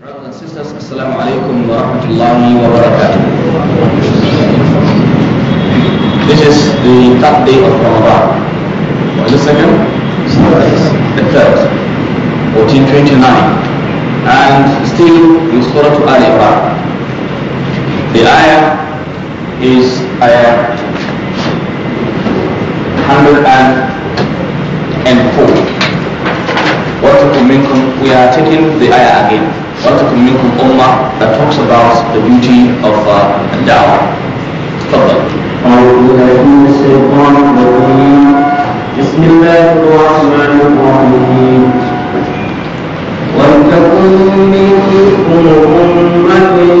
Brothers and sisters, Assalamu alaikum wa rahmatullahi wa barakatuh. This is the third day of Ramadan. What is the second? The third. 1429. And still in Surah Al Imran. The ayah is ayah 104. What to mean We are taking the ayah again. ولتكن منكم أمة that talks about the beauty of uh, تفضل أعوذ بالله من الشيطان الرجيم بسم الله الرحمن الرحيم ولتكن منكم أمة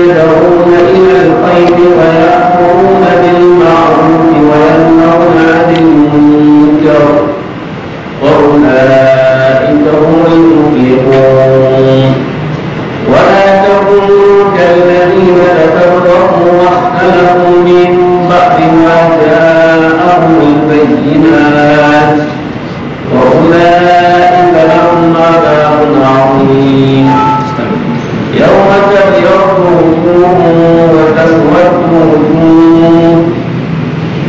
يدعون إلى الخير ويأمرون بالمعروف وينهون عن المنكر وأولئك هم المفلحون ولا تكونوا كالذين تفرقوا واختلفوا من بعد ما جاءهم البينات وأولئك لهم عذاب عظيم يوم تبيض وجوه وتسود وجوه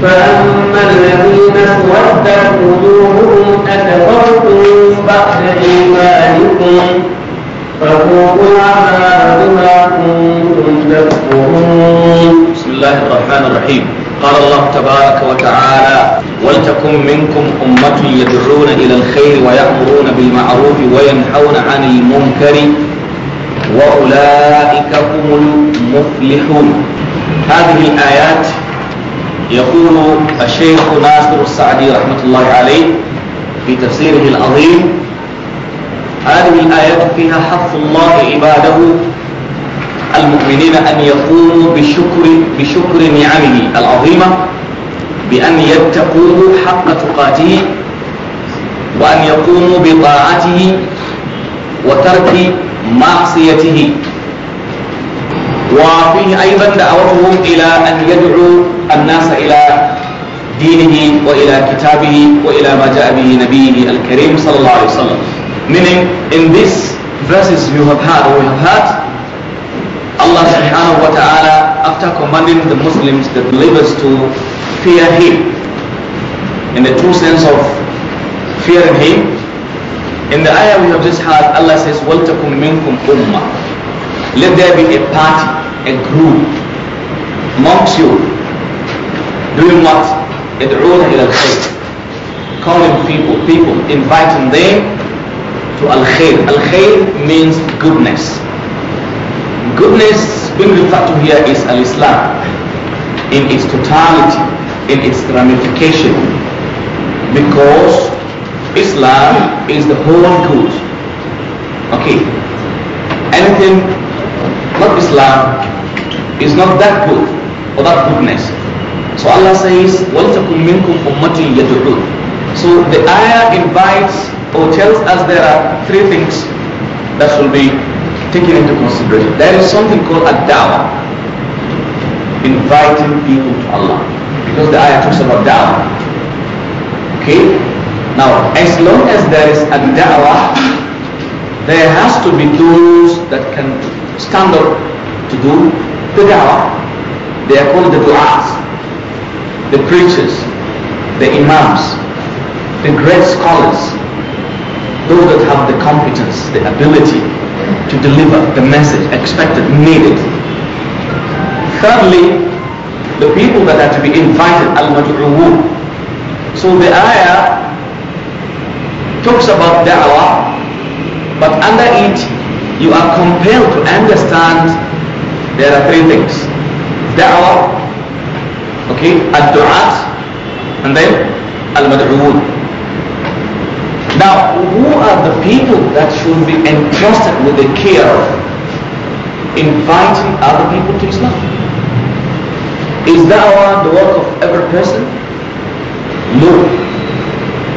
فأما الذين اسودت وجوههم أكفرتم بعد إيمانكم فذوقوا عذاب بما كنتم تكفرون بسم الله الرحمن الرحيم قال الله تبارك وتعالى ولتكن منكم أمة يدعون إلى الخير ويأمرون بالمعروف وينحون عن المنكر وأولئك هم المفلحون هذه الآيات يقول الشيخ ناصر السعدي رحمة الله عليه في تفسيره العظيم هذه الآيات فيها حث الله عباده المؤمنين أن يقوموا بشكر بشكر نعمه العظيمة بأن يتقوه حق تقاته وأن يقوموا بطاعته وترك معصيته وفيه أيضا دعوتهم إلى أن يدعوا الناس إلى دينه وإلى كتابه وإلى ما جاء به نبيه الكريم صلى الله عليه وسلم Meaning, in these verses you have heard or we have had, Allah subhanahu wa ta'ala, after commanding the Muslims, the believers to fear Him, in the true sense of fearing Him, in the ayah we have just had, Allah says, وَلْتَكُمْ مِنْكُمْ أُمَّةً Let there be a party, a group, amongst you, doing what? إِدْعُونَ إِلَى الْخَيْرِ Calling people, people, inviting them to al-khair. Al-khair means goodness. Goodness being referred to here is al-Islam in its totality, in its ramification, because Islam is the whole good. Okay, anything not Islam is not that good or that goodness. So Allah says, وَلْتَكُمْ مِنْكُمْ أُمَّةٍ so the ayah invites or tells us there are three things that should be taken into consideration. There is something called a dawah, inviting people to Allah, because the ayah talks about dawah. Okay? Now, as long as there is a dawah, there has to be those that can stand up to do the dawah. They are called the du'as, the preachers, the imams, the great scholars, those that have the competence, the ability to deliver the message expected, needed. Thirdly, the people that are to be invited, al-mad'uwun. So the ayah talks about da'wah, but under it, you are compelled to understand there are three things. Da'wah, okay, ad-du'at, and then al-mad'uwun. Now, who are the people that should be entrusted with the care of inviting other people to Islam? Is that the work of every person? No.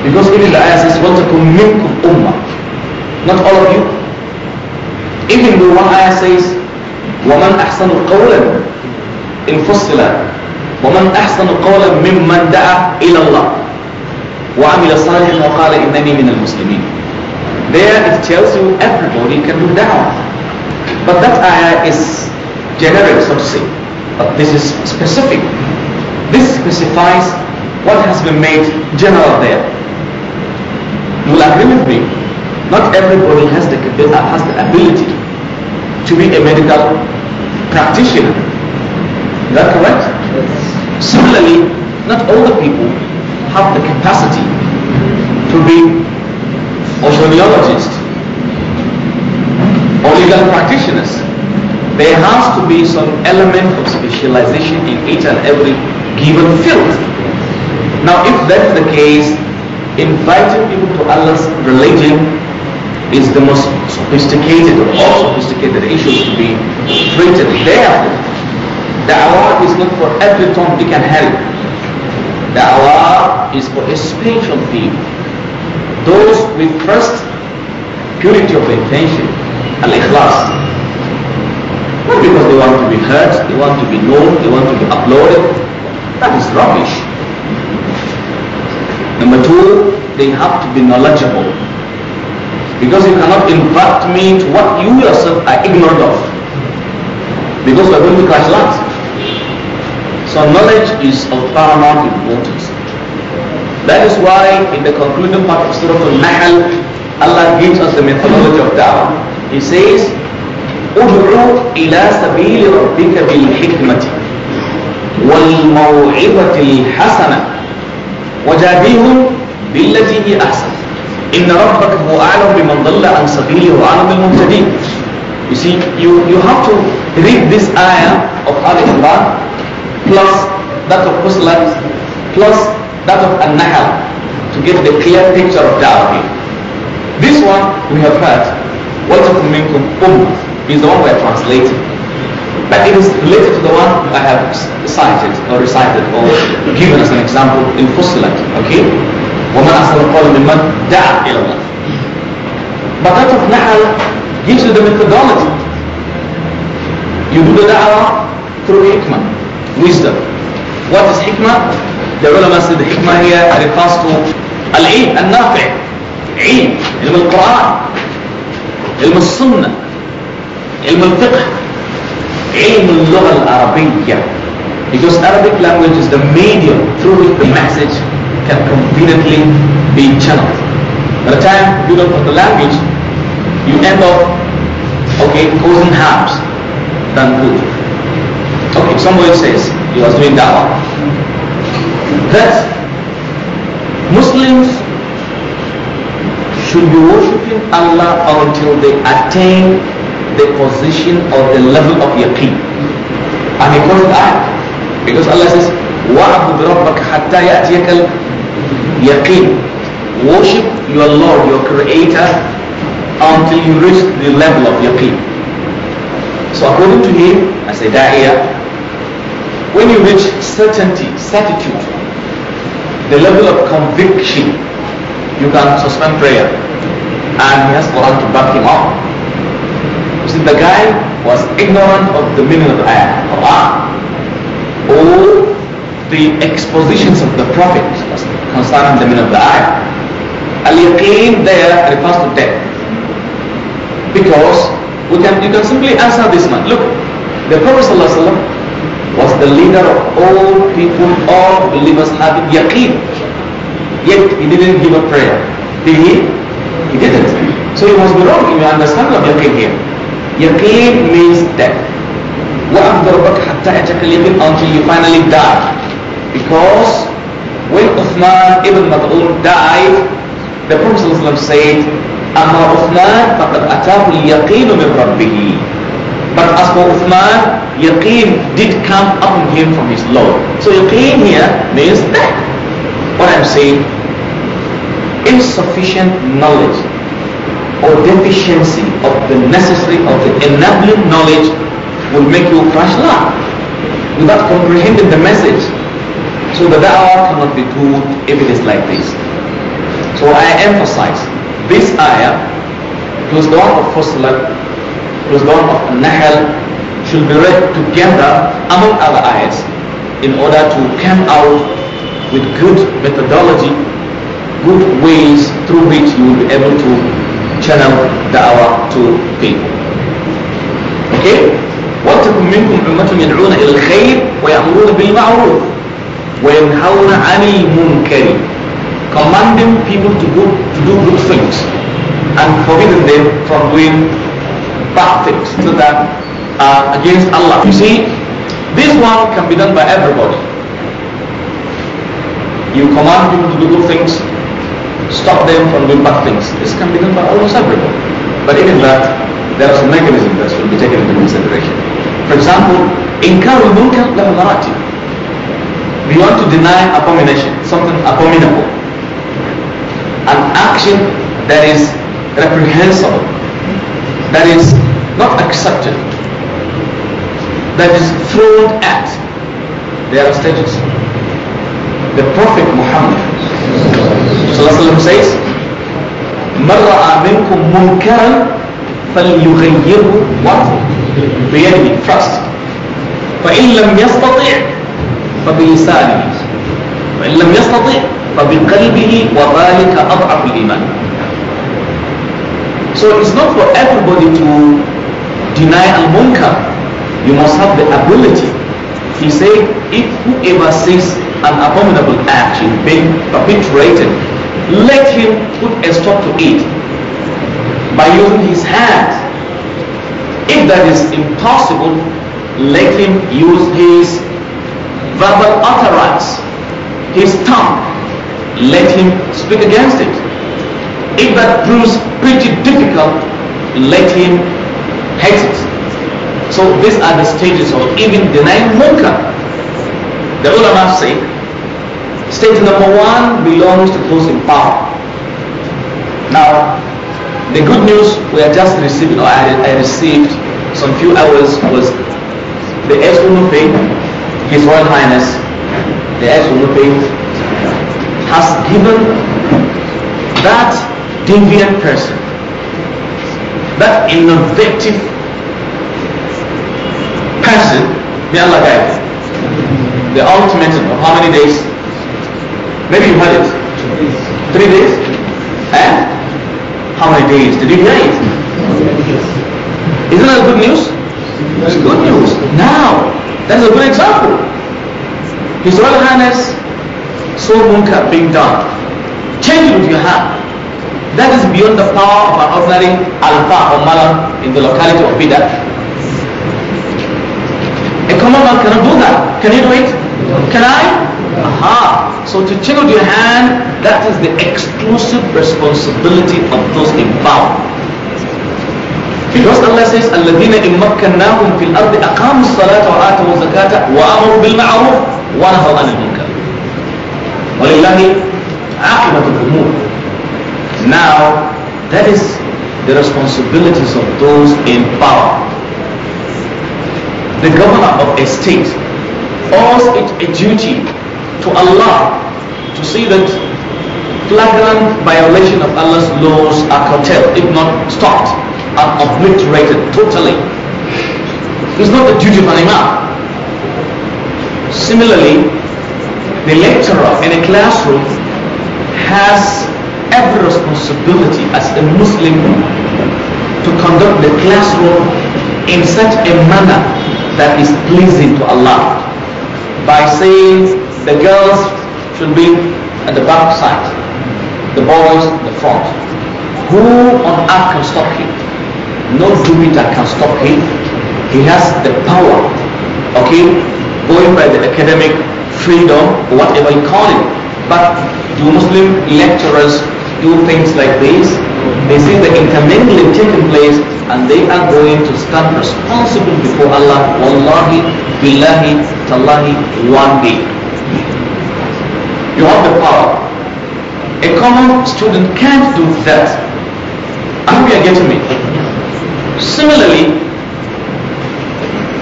Because even the ayah says, وَلْتَكُمْ مِنْكُمْ ummah. Not all of you. Even the one ayah says, وَمَنْ أَحْسَنُ قَوْلًا إِنْ فُصِّلًا وَمَنْ أَحْسَنُ قَوْلًا مِمَّنْ دَعَى إِلَى اللَّهِ وعمل صالحا وقال إنني من المسلمين there it tells you everybody can do da'wah but that ayah is general so to say but this is specific this specifies what has been made general there you will agree with me not everybody has the, has the ability to be a medical practitioner is that correct yes. similarly not all the people have the capacity to be oceanologists or legal practitioners. There has to be some element of specialization in each and every given field. Now, if that's the case, inviting people to Allah's religion is the most sophisticated of all sophisticated issues to be treated. Therefore, the Allah is not for every Tom, Dick and Harry. Da'wah is for a spiritual people. Those with first purity of intention, al-ikhlas. Not because they want to be heard, they want to be known, they want to be uploaded. That is rubbish. Number two, they have to be knowledgeable. Because you cannot impart me to what you yourself are ignorant of. Because we are going to crash lands. So knowledge is of paramount importance. That is why in the concluding part of Surah Al-Nahl, Allah gives us the methodology of da'wah. He says, ادعو إلى سبيل ربك بالحكمة والموعظة الحسنة وجادلهم بالتي هي أحسن إن ربك هو أعلم بمن ضل عن سبيله وأعلم بالمهتدين You see, you, you have to read this ayah of Al-Imran plus that of Muslims plus that of An-Nahl to get the clear picture of Dawah. This one we have heard, what of Minkum Ummah is the one we are translating. But it is related to the one I have cited or recited or given as an example in Fussilat. Okay? وَمَنْ أَصْلَ الْقَوْلِ مِمَّنْ دَعَ إِلَى But that of Nahal gives you the methodology. You do the da'wah through hikmah wisdom. What is hikmah? The ulama said the hikmah here refers to al-ilm, al-nafi, ilm, ilm al-Quran, ilm al-sunnah, ilm al-fiqh, ilm al-lugha al-arabiyya. Because Arabic language is the medium through which the message can conveniently be channeled. By the time you don't know the language, you end up okay, causing harms than good. If somebody says he was doing da'wah, that Muslims should be worshipping Allah until they attain the position or the level of yaqeen. And he calls it ayah. Because Allah says, وَعَبُدْ رَبَّكَ حَتَّى يَأْتِيَكَ الْيَقِينَ Worship your Lord, your Creator, until you reach the level of yaqeen. So according to him, as a da'iyah, when you reach certainty, certitude, the level of conviction, you can suspend prayer. And he has Quran to back him up. You see, the guy was ignorant of the meaning of the ayah, Quran, or the expositions of the Prophet concerning the meaning of the ayah. Al-Yaqeen there refers to death. Because we can, you can simply answer this man. Look, the Prophet ﷺ was the leader of all people, all believers having yaqeen. Yet he didn't give a prayer. Did he? He didn't. So he must be wrong if you understand of yaqeen here. Yaqeen means death. وَأَفْضَ رَبَّكَ حَتَّى أَتَكَ الْيَقِينَ until you finally die. Because when Uthman ibn Mad'un died, the Prophet ﷺ said, أَمَّا أُثْمَانَ فَقَدْ أَتَاهُ الْيَقِينُ مِنْ رَبِّهِ but as for Uthman, Yaqeen did come upon him from his Lord. So Yaqeen here means that. What I'm saying, insufficient knowledge or deficiency of the necessary of the enabling knowledge will make you crash love without comprehending the message. So the da'wah cannot be good if it is like this. So I emphasize this ayah was the one of first Rizwan of Nahal should be read together among other ayahs in order to come out with good methodology, good ways through which you will be able to channel da'wah to people. Okay? وَاتَّقُمْ مِنْكُمْ أُمَّةٌ يَدْعُونَ إِلَى الْخَيْرِ وَيَأْمُرُونَ بِالْمَعْرُوفِ وَيَنْهَوْنَ عَنِ الْمُنْكَرِ Commanding people to do, to do good things and forbidding them from doing fasted so that uh, against Allah. You see, this one can be done by everybody. You command people to do good things, stop them from doing bad things. This can be done by almost everybody. But even that, there is a mechanism that should be taken into consideration. For example, in Karul al Lahunarati, we want to deny abomination, something abominable, an action that is reprehensible that is not accepted, that is thrown at. There are stages. The Prophet Muhammad says, من رأى منكم منكرا فليغيره بيده first فإن لم يستطع فبلسانه وإن لم يستطع فبقلبه وذلك أضعف الإيمان So it's not for everybody to deny al munkar. You must have the ability. He said, if whoever sees an abominable action being perpetrated, let him put a stop to it by using his hands. If that is impossible, let him use his verbal utterance, his tongue. Let him speak against it. If that proves pretty difficult, let him hate it. So these are the stages of even denying munkar. The ulama say, stage number one belongs to those in power. Now, the good news we are just receiving, or I, I received some few hours was the ex Umupi, His Royal Highness, the ex Umupi, has given that deviant person, that innovative person, may Allah guide you. The ultimatum of how many days? Maybe you heard it. Three days? And how many days? Did you hear it? Isn't that good news? That's good news. Now, that's a good example. His Royal Highness saw Munkar being done. Change it with your hand. That is beyond the power of an ordinary alpha or malam in the locality of Bidat. A common man cannot do that. Can you do it? Can I? Aha. So to chill your hand, that is the exclusive responsibility of those in power. Because Allah says, الَّذِينَ إِن مَكَّنَّاهُمْ فِي الْأَرْضِ أَقَامُوا الصَّلَاةَ وَآتَوُا الزَّكَاةَ وَأَمَرُوا بِالْمَعْرُوفِ وَنَهَوْا عَنِ الْمُنكَرِ وَلِلَّهِ عَاقِبَةُ الْأُمُورِ now, that is the responsibilities of those in power. The governor of a state owes it a duty to Allah to see that flagrant violation of Allah's laws are curtailed, if not stopped, are obliterated totally. It's not the duty of an imam. Similarly, the lecturer in a classroom has every responsibility as a Muslim to conduct the classroom in such a manner that is pleasing to Allah by saying the girls should be at the back side, the boys the front. Who on earth can stop him? No Jupiter can stop him. He has the power, okay, going by the academic freedom, whatever you call it. But do Muslim lecturers do things like this, they see the intermingling taking place and they are going to stand responsible before Allah, Wallahi, Billahi, Tallahi, one day. You have the power. A common student can't do that. I hope you're getting me. Similarly,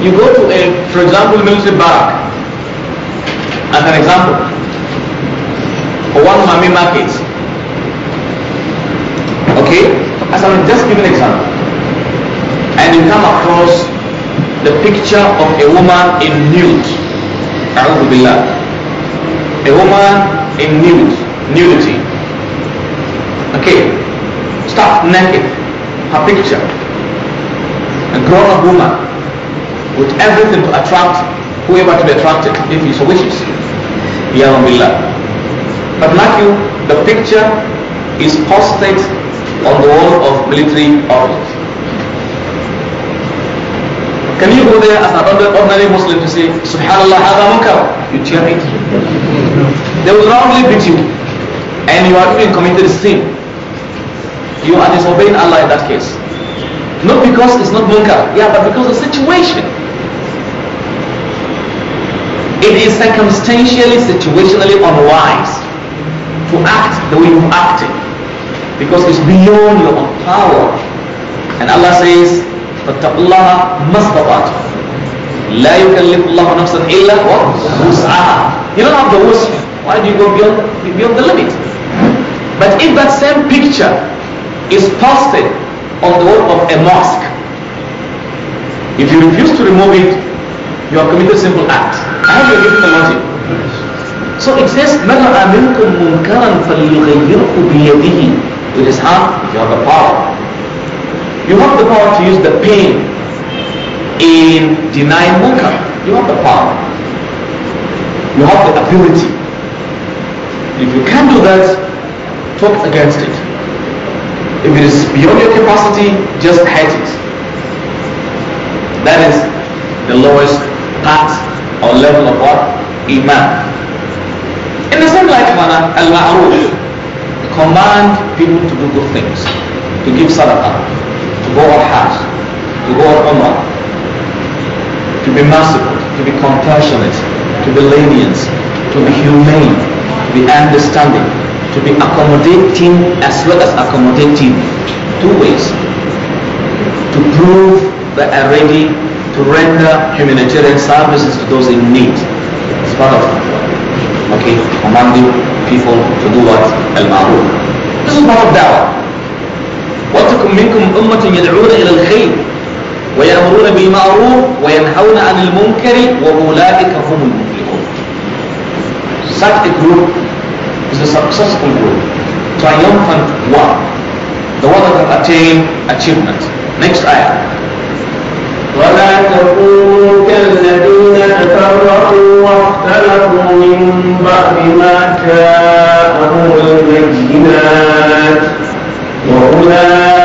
you go to a, for example, military barrack. As an example, or one of market. markets, Okay? As I'm just giving an example. And you come across the picture of a woman in nude. Billah. A woman in nude, nudity. Okay, stark naked, her picture. A grown-up woman with everything to attract whoever to be attracted if he so wishes. Billah. But like you, the picture is posted on the wall of military office. Can you go there as an ordinary Muslim to say, Subhanallah, hada munkar? You cheer it. They will roundly beat you. And you are even committed sin. You are disobeying Allah in that case. Not because it's not munkar, yeah, but because the situation. It is circumstantially, situationally unwise to act the way you acted because it's beyond your own power. And Allah says, فَاتَّقُوا اللَّهَ مَسْتَطَعْتُمْ لا يكلف الله نفسا إلا وسعها You don't have the wusa. Why do you go beyond, beyond the limit? But if that same picture is posted on the wall of a mosque, if you refuse to remove it, you have committed a simple act. I have you get the logic. So it says, مَنْ عَمِلْكُمْ مُنْكَرًا فَلْيُغَيِّرْهُ بِيَدِهِ with his hand, you have the power. You have the power to use the pain in denying munkar. You have the power. You have the ability. If you can't do that, talk against it. If it is beyond your capacity, just hate it. That is the lowest part or level of what? Iman. In the same like manner, al-ma'ruf command people to do good things, to give sadaqah, to go on hajj, to go on umrah, to be merciful, to be compassionate, to be lenient, to be humane, to be understanding, to be accommodating as well as accommodating. Two ways. To prove that are ready to render humanitarian services to those in need. It's part of okay, commanding people to do what? al المعروف. This is part of da'wah. وَتَكُمْ منكم أمة يدعون إلى الخير ويأمرون بالمعروف وينهون عن المنكر وأولئك هم المفلحون. Such a group is a successful group, triumphant one, the one that attained achievement. Next ayah. ولا تكونوا كالذين تفرقوا واختلفوا من بعد ما جاءهم البينات وأولئك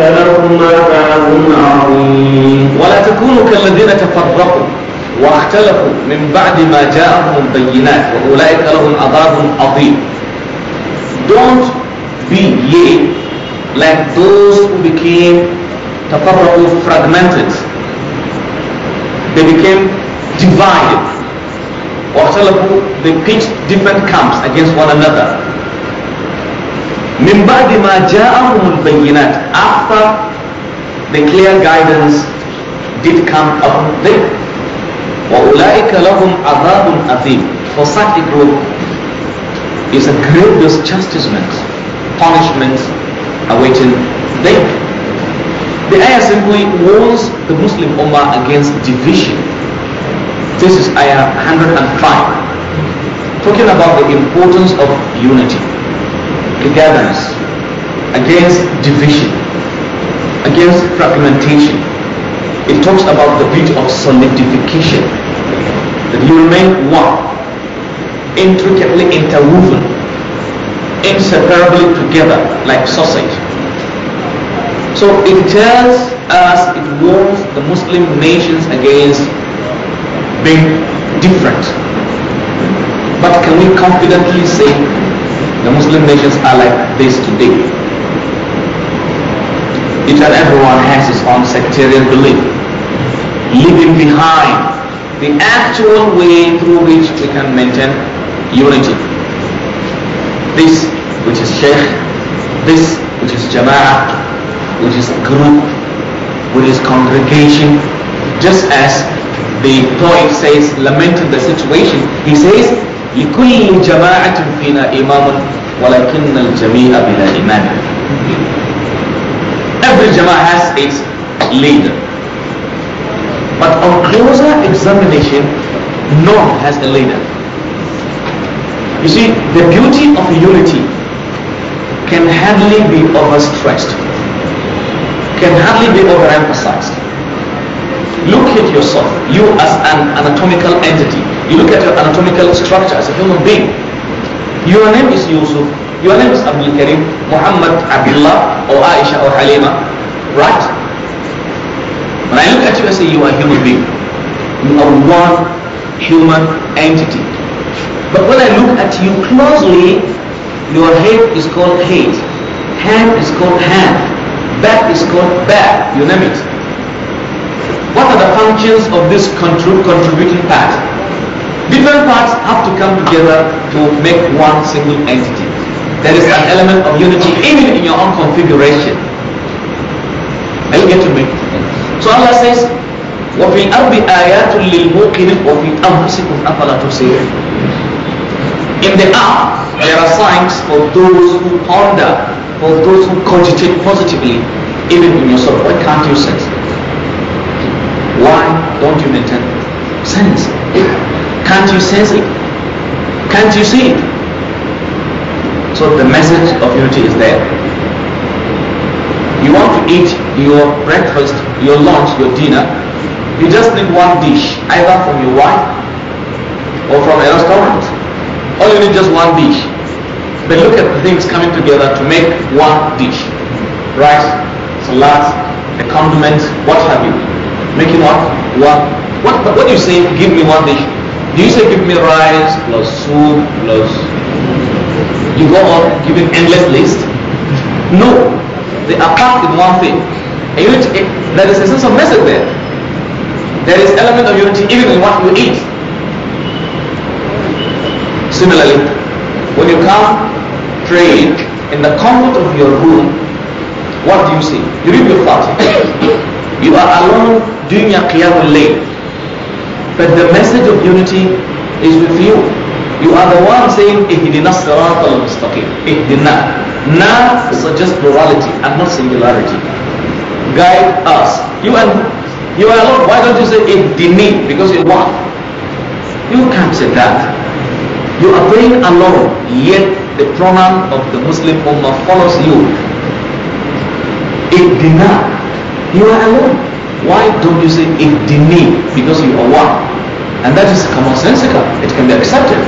لهم عذاب عظيم ولا تكونوا كالذين تفرقوا واختلفوا من بعد ما جاءهم البينات وأولئك لهم عذاب عظيم Don't be ye like those who became تفرقوا fragmented they became divided واختلفوا they pitched different camps against one another من بعد ما جاءهم البينات after the clear guidance did come upon them وأولئك لهم عذاب أثيم for such a group is a grievous chastisement punishment awaiting them The ayah simply warns the Muslim Ummah against division. This is ayah 105, talking about the importance of unity, togetherness, against division, against fragmentation. It talks about the beauty of solidification, that you remain one, intricately interwoven, inseparably together like sausage so it tells us it warns the Muslim nations against being different. But can we confidently say the Muslim nations are like this today? Each and everyone has his own sectarian belief, leaving behind the actual way through which we can maintain unity. This which is Sheikh, this which is Jama'ah, with his group, with his congregation, just as the poet says, lamenting the situation, he says, لكل جماعة فينا إمام ولكن الجميع بلا إمام. Every jama'ah has its leader. But on closer examination, none has a leader. You see, the beauty of unity can hardly be overstressed can hardly be overemphasized. Look at yourself, you as an anatomical entity. You look at your anatomical structure as a human being. Your name is Yusuf, your name is Abdul Karim, Muhammad, Abdullah, or Aisha, or Halima, right? When I look at you, I say you are a human being. You are one human entity. But when I look at you closely, your head is called head, hand is called hand, Back is called back, you name it. What are the functions of this contributing part? Different parts have to come together to make one single entity. There is an element of unity even in your own configuration. Are you getting me? So Allah says, وَفِي الْأَرْضِ آيَاتٌ لِلْمُوقِنِينَ وَفِي أَنفُسِكُمْ أَفَلَا تُبْصِرُونَ In the earth, there are signs for those who ponder for those who cogitate positively even in yourself. Why can't you sense? Why don't you maintain sense? Can't you sense it? Can't you see it? So the message of unity is there. You want to eat your breakfast, your lunch, your dinner. You just need one dish, either from your wife or from a restaurant. All you need just one dish. But look at the things coming together to make one dish. Rice, salad, the condiments, what have you. Making what? One. What, what do you say, give me one dish? Do you say give me rice plus soup plus... You go on giving endless list? No. They are packed in one thing. there is a sense of message there. There is element of unity even in what you eat. Similarly, when you come praying in the comfort of your room, what do you say? You read your you are alone doing your Qiyamul Layl. But the message of unity is with you. You are the one saying, Ihdina sirat al-mustaqim. Ihdina. Na suggests plurality and not singularity. Guide us. You and you are alone. Why don't you say Ihdini? Because you're one. You can't say that. You are praying alone, yet the pronoun of the Muslim Ummah follows you. Iqdina. You are alone. Why don't you say Iqdini? Because you are one. And that is commonsensical. It can be accepted.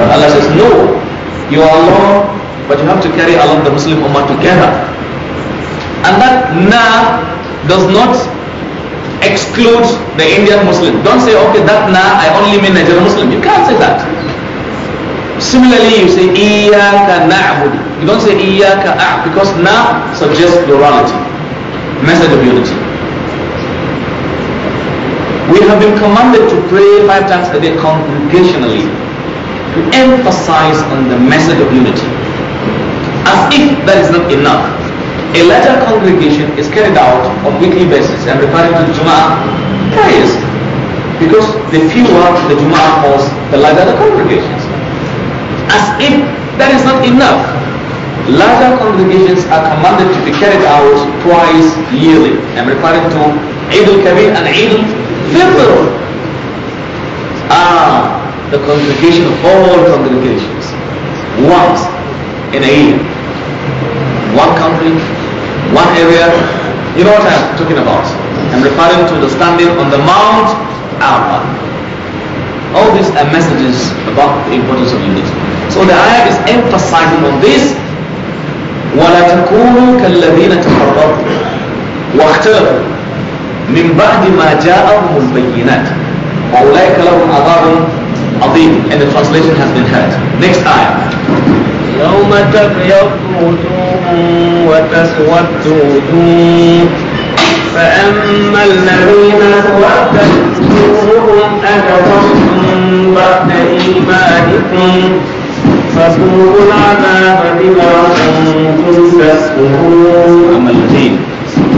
But Allah says, no. You are alone, but you have to carry along the Muslim Ummah together. And that na does not excludes the Indian Muslim. Don't say, okay, that na, I only mean Nigerian Muslim. You can't say that. Similarly, you say, Iyaka na'bud. You don't say, Iyaka a' because na suggests plurality, message of unity. We have been commanded to pray five times a day congregationally to emphasize on the message of unity. As if that is not enough. A larger congregation is carried out on weekly basis and referring to the Jum'ah prayers because the fewer the Jum'ah falls, the larger the congregations. As if that is not enough, larger congregations are commanded to be carried out twice yearly. I'm referring to Eid al-Kabir and Eid al-Fitr. Ah, the congregation of all congregations once in a year one country, one area. You know what I'm talking about. I'm referring to the standing on the Mount Arba. All these are messages about the importance of unity. So the ayah is emphasizing on this. وَلَا تَكُونُوا كَالَّذِينَ تَفَرَّقُوا وَاخْتَلَفُوا مِنْ بَعْدِ مَا جَاءَهُمُ الْبَيِّنَاتِ وَأُولَٰئِكَ لَهُمْ عَذَابٌ عَظِيمٌ And the translation has been heard. Next ayah. يوم تبيض وجوه وتسود وجوه فأما الذين سودت وجوههم أكفرتم بعد إيمانكم فذوقوا العذاب بما كنتم الذين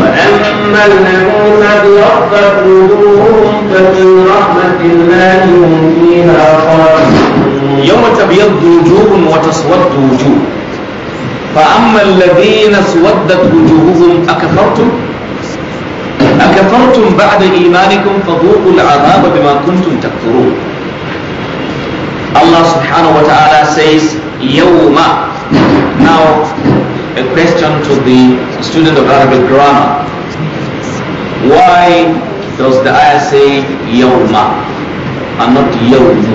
وأما الذين ابيضت وجوههم ففي رحمة الله هم فيها خالدون يوم تبيض وجوه وتسود وجوه فأما الذين سودت وجوههم أكفرتم أكفرتم بعد إيمانكم فذوقوا العذاب بما كنتم تكفرون الله سبحانه وتعالى says يوم now a question to the student of Arabic grammar why does the ayah say يوم and not يوم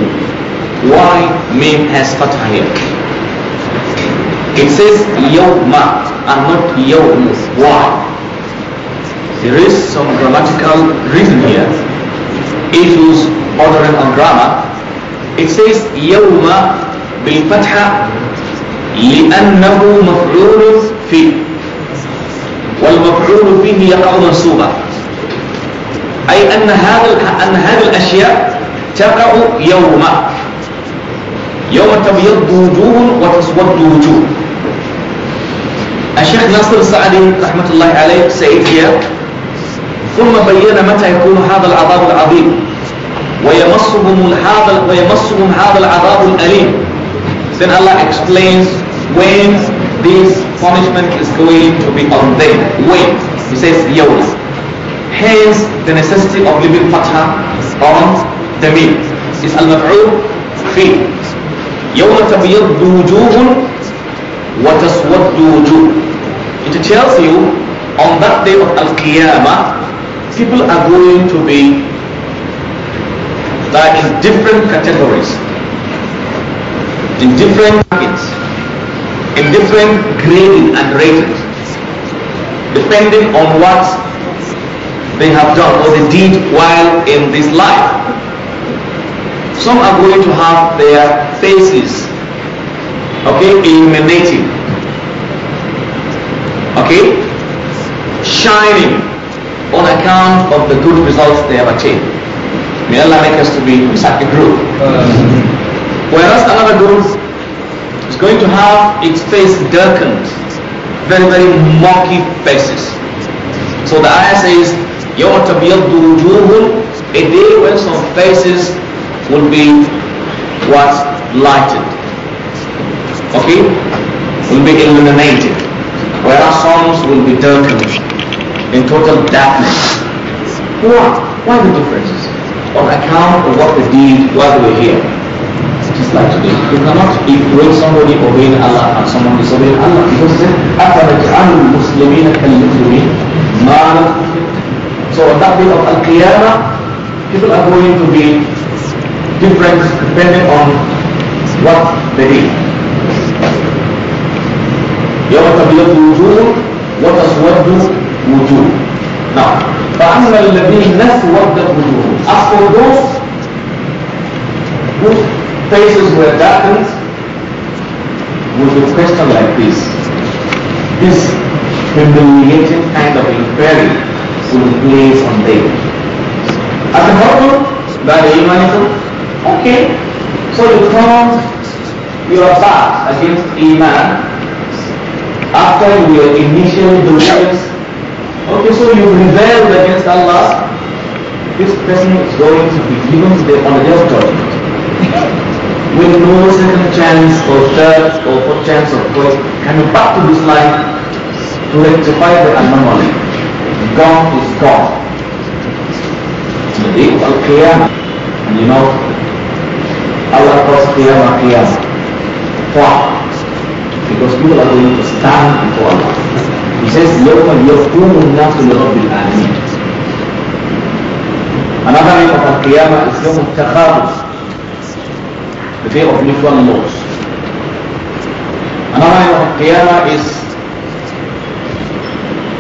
why meme has fatha here. It says yawma and not yawm. Why? There is some grammatical reason here. use order on grammar. It says yawma بالفتحة لأنه مفعول فيه والمفعول فيه يقع منصوبا أي أن هذا أن هذه الأشياء تقع يوم يوم تبيض وجوه وتسود وجوه الشيخ ناصر السعدي رحمة الله عليه سعيد ثم بين متى يكون هذا العذاب العظيم ويمسهم هذا ويمسهم هذا العذاب الأليم then Allah explains when this punishment is going to be on them when he says يوم hence the necessity of living fatha on the meat. It's al fi. يوم تبيض وجوه وتسود وجوه. It tells you on that day of Al-Qiyamah, people are going to be like in different categories, in different targets, in different grading and ratings, depending on what they have done or they did while in this life. Some are going to have their faces, okay, illuminating, okay, shining on account of the good results they have achieved. May Allah make us to be such a group. Whereas another group is going to have its face darkened, very, very murky faces. So the ayah says, يَوْمَ تَبْيَضُّ وُجُوهٌ A day when some faces would be what lighted okay will be illuminated whereas songs will be darkened in total darkness what why the differences on account of what we did while we were here just like today you cannot equate somebody obeying Allah and someone disobeying Allah because then أَفَرَجْعَلُ So on that bit of Al-Qiyamah people are going to be difference depending on what they did. يوم تبيض وجوه وتسود وجوه. Now, فأما الذين اسودت وجوههم. As for those whose faces were darkened with a question like this, this humiliating kind of inquiry will place on them. As a problem, that humanism Okay. So you front you are back against Iman after your initial dominance. Okay, so you rebelled against Allah. This person is going to be given to the on judgment. With no second chance or third or fourth chance of course coming back to this life to rectify the anomaly. God is God. The day of Al-Qiyamah. And you know, Allah calls Qiyamah Qiyamah. Why? Because people are going to stand before Allah. He says, يَوْمَ يَقُومُ النَّاسُ لِرَبِّ الْعَالَمِينَ Another name of Al-Qiyamah is يوم التخابر. The fear of which one Another name of Al-Qiyamah is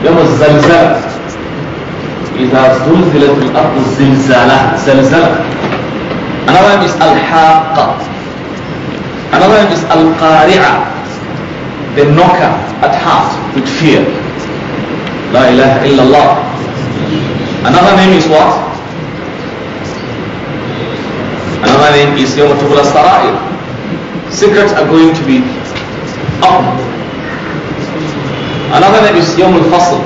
يوم الزلزال. إذا زلزلت الأرض الزلزالة زلزلة Another one is Al-Haqqa. Another one is Al-Qari'a. The knocker at heart with fear. La ilaha illallah. Another name is what? Another name is Yawm Tubula Sara'ir. Secrets are going to be open. Another name is Yomul Al-Fasl.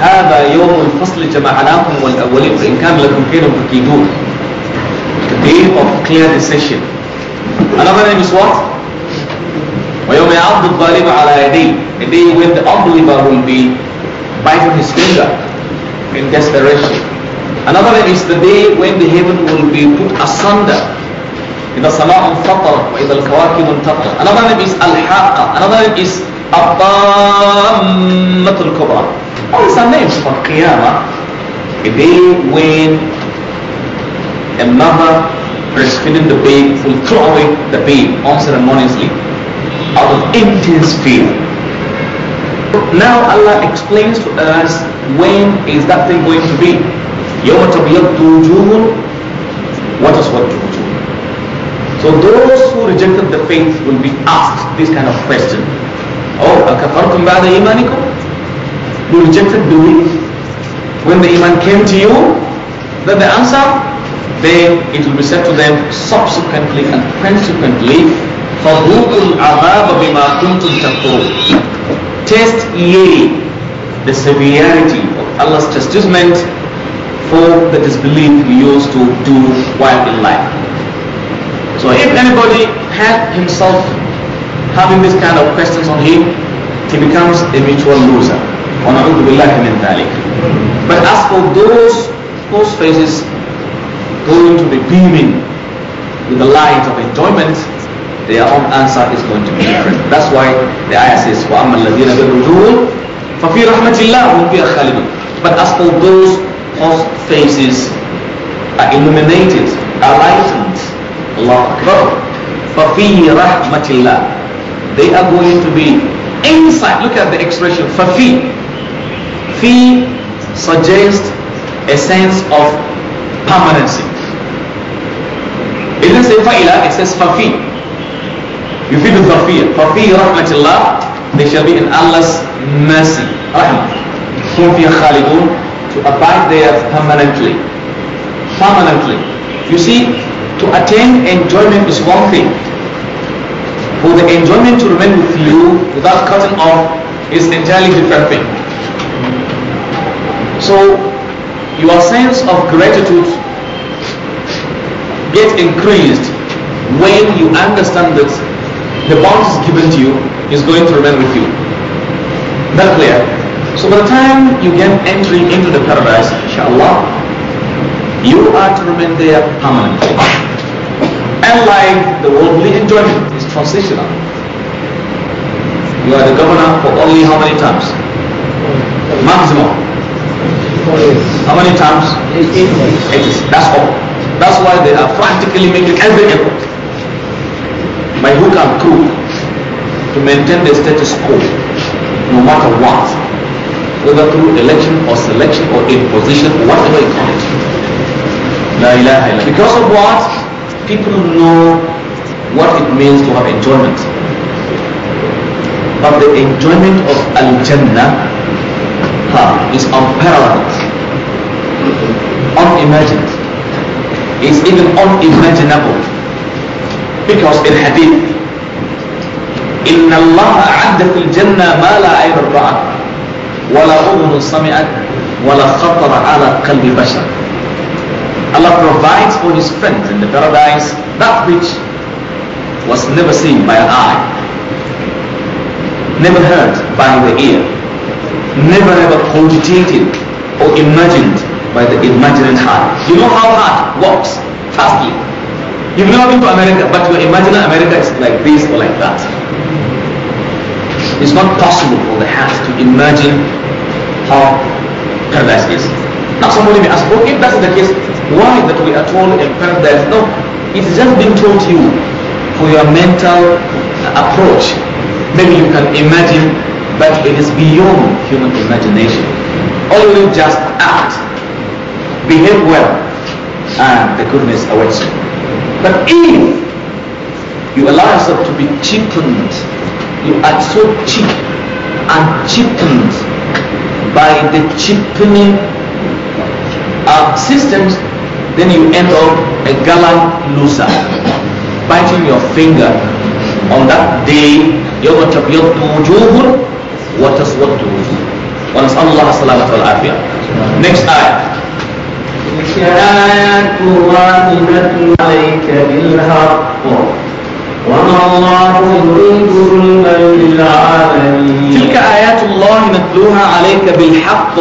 هذا يوم الفصل جمعناكم والأولين وإن كان لكم كيد فكيدون day of clear decision. Another name is what? وَيَوْمَ يَعَضُّ الظَّالِمَ عَلَى يَدَيْهِ A day when the unbeliever will be biting his finger in desperation. Another name is the day when the heaven will be put asunder. إِذَا سَمَاءٌ فَطَرَتْ وَإِذَا الْكَوَاكِبُ انْتَطَرَتْ Another name is الحاقة. Another name is الطَّامَّةُ الْكُبْرَى All these are names for Qiyamah. A day when a mother breastfeeding the babe will throw away the babe unceremoniously out of intense fear. Now Allah explains to us when is that thing going to be. يَوْمَ تَبْيَضُّ وُجُوهٌ what is what to do? So those who rejected the faith will be asked this kind of question. Oh, akafartum ba'da imanikum? You rejected belief when the iman came to you? Then the answer, then it will be said to them subsequently and consequently Test ye the severity of Allah's chastisement for the disbelief you used to do while in life. So if anybody had himself having this kind of questions on him, he becomes a mutual loser. But as for those whose faces going to be beaming with the light of enjoyment, their own answer is going to be different. That's why the ayah says, وَأَمَّا الَّذِينَ بِالرُّجُولِ فَفِي رَحْمَةِ اللَّهِ هُمْ But as for those whose faces are illuminated, are lightened, Allah Akbar, فَفِي رَحْمَةِ اللَّهِ They are going to be inside. Look at the expression, فَفِي Fi suggests a sense of permanency. It doesn't say fa'ila, it says fafi. You feel the fafiya. Fafi rahmatillah, they shall be in Allah's mercy. Rahmah. Fafiya khalidun, to abide there permanently. Permanently. You see, to attain enjoyment is one thing. For the enjoyment to remain with you without cutting off is an entirely different thing. So, your sense of gratitude get increased when you understand that the bounties given to you is going to remain with you. That clear? So by the time you get entry into the paradise, inshallah, you are to remain there permanently. Unlike the worldly enjoyment, is transitional. You are the governor for only how many times? Maximum. How many times? Eight. Eight. That's all. That's why they are frantically making every effort by hook and crook to maintain the status quo no matter what, whether through election or selection or imposition, whatever you call it. La ilaha illa. Because of what? People know what it means to have enjoyment. But the enjoyment of Al-Jannah is unparalleled, unimagined is even unimaginable because in hadith إن الله أعد في الجنة ما لا عين رأت ولا أذن سمعت ولا خطر على قلب بشر Allah provides for his friends in the paradise that which was never seen by an eye never heard by the ear never ever cogitated or imagined by the imaginary heart. You know how heart works, fastly. You've never been to America, but you imagine America is like this or like that. It's not possible for the heart to imagine how paradise is. Now somebody may ask, oh, if that's the case, why that we are told in paradise? No, it's just been to you for your mental approach. Maybe you can imagine, but it is beyond human imagination. Only just act behave well and the goodness awaits you. But if you allow yourself to be cheapened, you are so cheap and cheapened by the cheapening of systems, then you end up a gallant loser, biting your finger on that day يوم تبيض وجوه وتسود وجوه ونسأل الله السلامة والعافية next ayah الآيات واردة عليك بالحق وما الله يريد ظلما للعالمين تلك آيات الله نتلوها عليك بالحق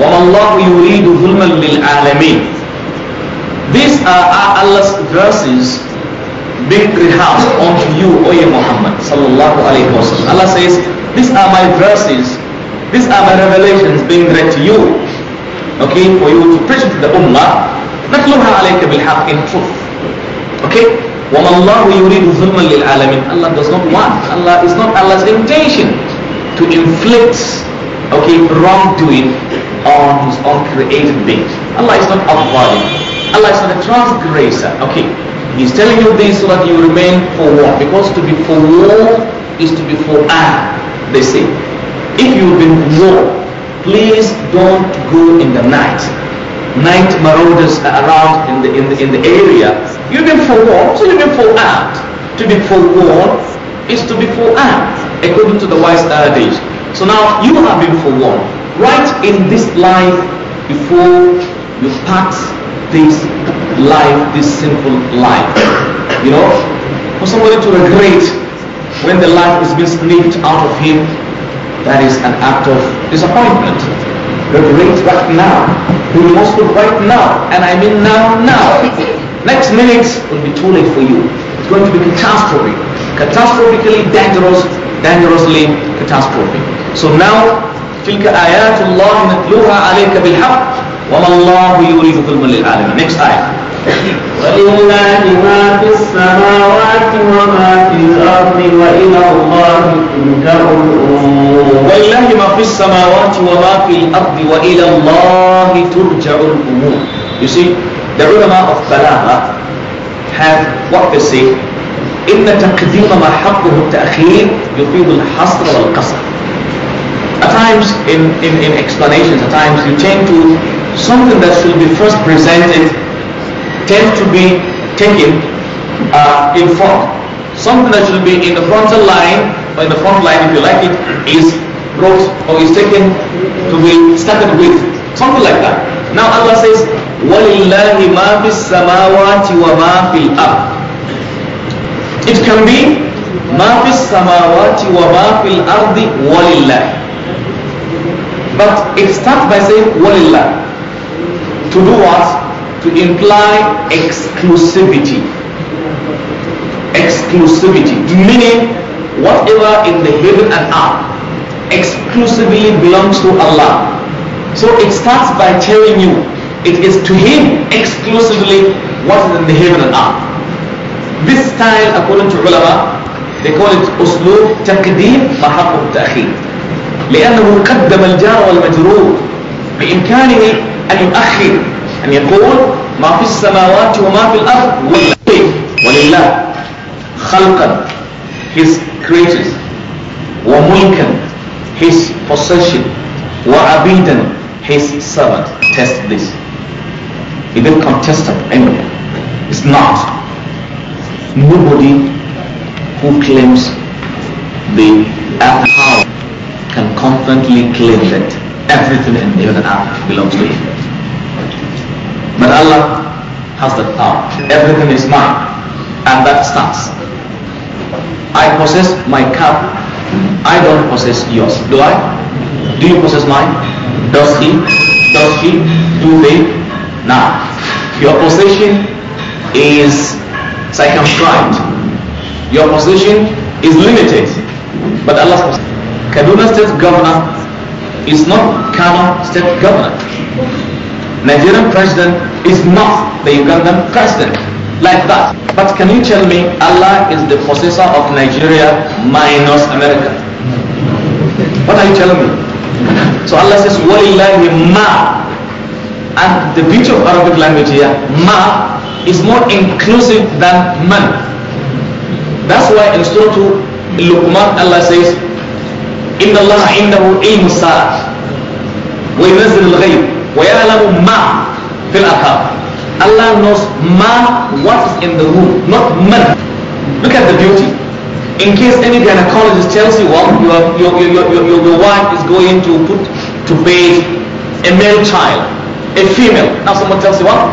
وما الله يريد ظلما للعالمين These are Allah's verses being rehearsed unto you, O ye Muhammad sallallahu alayhi wa sallam. Allah says, these are my verses, these are my revelations being read to you okay, for you to preach to the ummah, نتلوها عليك بالحق in truth. Okay? وَمَا اللَّهُ يُرِيدُ ظُلْمًا لِلْعَالَمِينَ Allah does not want, Allah is not Allah's intention to inflict, okay, wrongdoing on His own created beings. Allah is not a body. Allah is not a transgressor. Okay? He's telling you this so that you remain for war. Because to be for war is to be for ah, they say. If you've been war, please don't go in the night. Night marauders are around in the, in the, in the area. You've been forewarned, so you've been forearmed. To be forewarned is to be forearmed, according to the wise adage. So now you have been forewarned. Right in this life before you start this life, this simple life. You know, for somebody to regret when the life is being snipped out of him that is an act of disappointment. Regrets right now. you must Remorseful right now. And I mean now, now. Next minute will be too late for you. It's going to be catastrophic. Catastrophically dangerous, dangerously catastrophic. So now, تلك آيات الله نتلوها عليك بالحق وما الله يريد ظلما للعالمين. Next ayah. ولله ما في السماوات وما في الأرض وإلى الله ترجع الأمور ولله ما في السماوات وما في الأرض وإلى الله ترجع الأمور You see, the ulama of Balagha have what they say إن تقديم ما حقه التأخير يفيد الحصر والقصر At times in, in, in explanations, at times you tend to something that should be first presented tend to be taken uh, in front. Something that should be in the frontal line, or in the front line if you like it, is brought or is taken to be started with. Something like that. Now Allah says, وَلِلَّهِ مَا فِي السَّمَاوَاتِ وَمَا فِي الْأَرْضِ It can be مَا فِي السَّمَاوَاتِ وَمَا فِي الْأَرْضِ وَلِلَّهِ But it starts by saying وَلِلَّهِ To do what? to imply exclusivity. Exclusivity, meaning whatever in the heaven and earth exclusively belongs to Allah. So it starts by telling you it is to Him exclusively what is in the heaven and earth. This style, according to ulama, they call it أسلوب تقديم محق التأخير لأنه قدم الجار والمجرور بإمكانه أن يؤخر أن يقول ما في السماوات وما في الأرض والله ولله خلقا his creatures وملكا his possession وعبيدا his servant test this it is contestable anywhere it's not nobody who claims the earth can confidently claim that everything in the earth belongs to him but Allah has the power. Everything is mine. And that starts. I possess my cup. I don't possess yours. Do I? Do you possess mine? Does he? Does he? Do they? Now, your possession is circumscribed. Your possession is limited. But Allah's possession. Kaduna State Governor is not Kano State Governor. Nigerian president is not the Ugandan president. Like that. But can you tell me Allah is the possessor of Nigeria minus America? What are you telling me? So Allah says, Walillahi ma. And the beauty of Arabic language here, ma, is more inclusive than man. That's why in Surah to Luqman, Allah says, إن الله عنده علم الساعة وينزل الغيب وَيَعْلَمُ مَا فِي الْأَرْحَامِ Allah knows ma what is in the womb, not man. Look at the beauty. In case any gynecologist tells you, well, your, your, your, your, your, wife is going to put to bathe a male child, a female. Now someone tells you, what?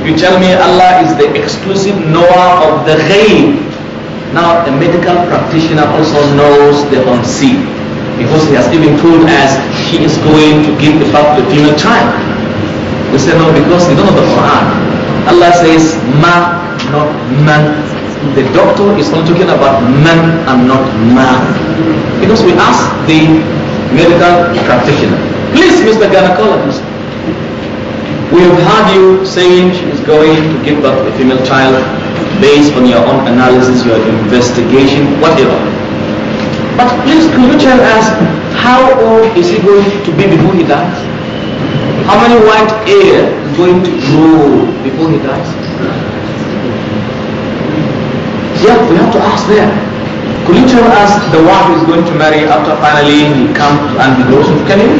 If you tell me Allah is the exclusive knower of the ghaib, now a medical practitioner also knows the unseen because he has even told us he is going to give the birth to female child. We say no because they don't know the Quran. Allah says ma not man. The doctor is only talking about man and not man. Because we asked the medical practitioner, please Mr. Gynecologist, we have heard you saying she is going to give birth to a female child based on your own analysis, your investigation, whatever. But please, could you tell us how old is he going to be before he dies? How many white hairs is going to grow before he dies? Yeah, we have to ask there. Could you tell us the wife is going to marry after finally he comes and he goes to Kenya?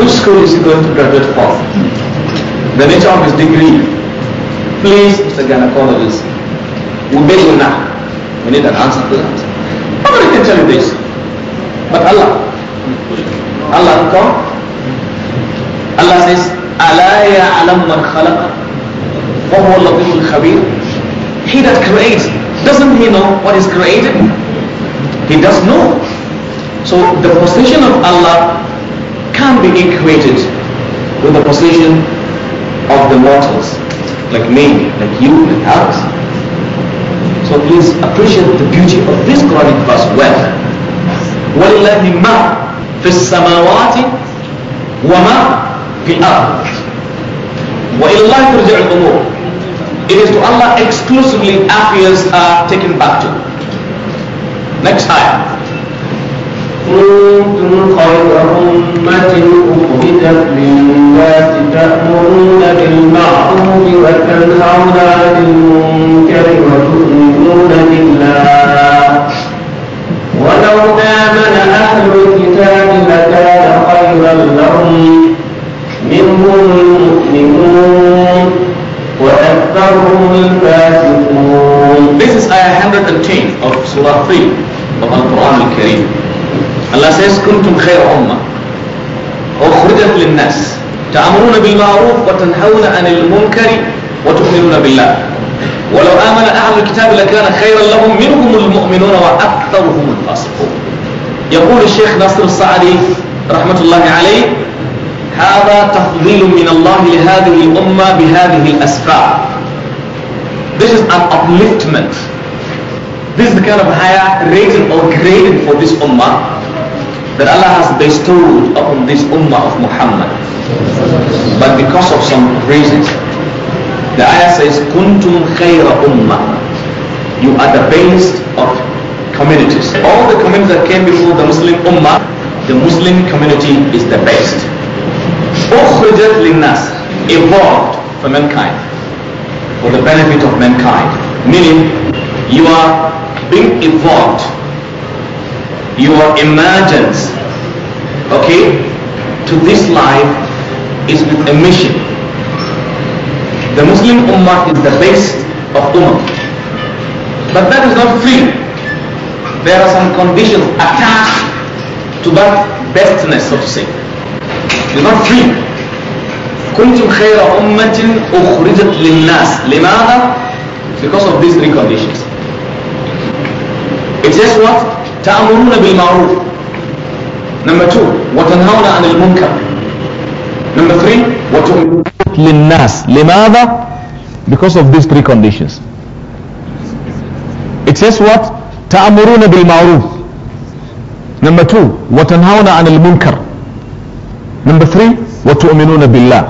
Which school is he going to graduate from? The nature of his degree. Please, Mr. Gynecologist, we beg you now. We need an answer to that. Nobody can tell you this. But Allah. Allah come. Allah says, oh, Allah يَعْلَمْ مَنْ خَلَقَ وَهُوَ He that creates, doesn't he know what is created? He does know. So the possession of Allah can be equated with the possession of the mortals, like me, like you, like us. So please appreciate the beauty of this Quranic verse well. وَلِلَّهِ مَا فِي السَّمَاوَاتِ وَمَا فِي الْأَرْضِ وَإِلَّهِ تُرْجِعُ الْأُمُورِ It is to Allah exclusively affairs are taken back to. Next ayah. كنتم خير أمة أخرجت للناس تأمرون بالمعروف وتنهون عن المنكر يؤمنون بالله ولو آمن أهل الكتاب لكان خيرا لهم منهم المؤمنون وأكثرهم الفاسقون This is ayah 110 of Surah 3 of Al-Quran Al-Karim Allah says كنتم خير أمة أخرجت للناس تأمرون بالمعروف وتنهون عن المنكر وتؤمنون بالله ولو آمن أهل الكتاب لكان خيرا لهم منهم المؤمنون وأكثرهم الفاسقون يقول الشيخ ناصر الصعدي رحمة الله عليه هذا تفضيل من الله لهذه الأمة بهذه الأسباب This is an upliftment This is the kind of higher rating or grading for this ummah that Allah has bestowed upon this ummah of Muhammad. But because of some reasons, The ayah says, Kuntum khayra ummah. You are the best of communities. All the communities that came before the Muslim ummah, the Muslim community is the best. Ukhrijat linnas, evolved for mankind, for the benefit of mankind. Meaning, you are being evolved. Your emergence, okay, to this life is with a mission. The Muslim Ummah is the best of Ummah. But that is not free. There are some conditions attached to that bestness, so to say. It's not free. كنتم خير أمة أخرجت للناس لماذا؟ Because of these three conditions. It says what? تأمرون بالمعروف. Number two, وتنهون عن المنكر. Number three, وتؤمنون للناس لماذا؟ Because of these three conditions. It says what? تأمرون بالمعروف. Number two, وتنهون عن المنكر. Number three, وتؤمنون بالله.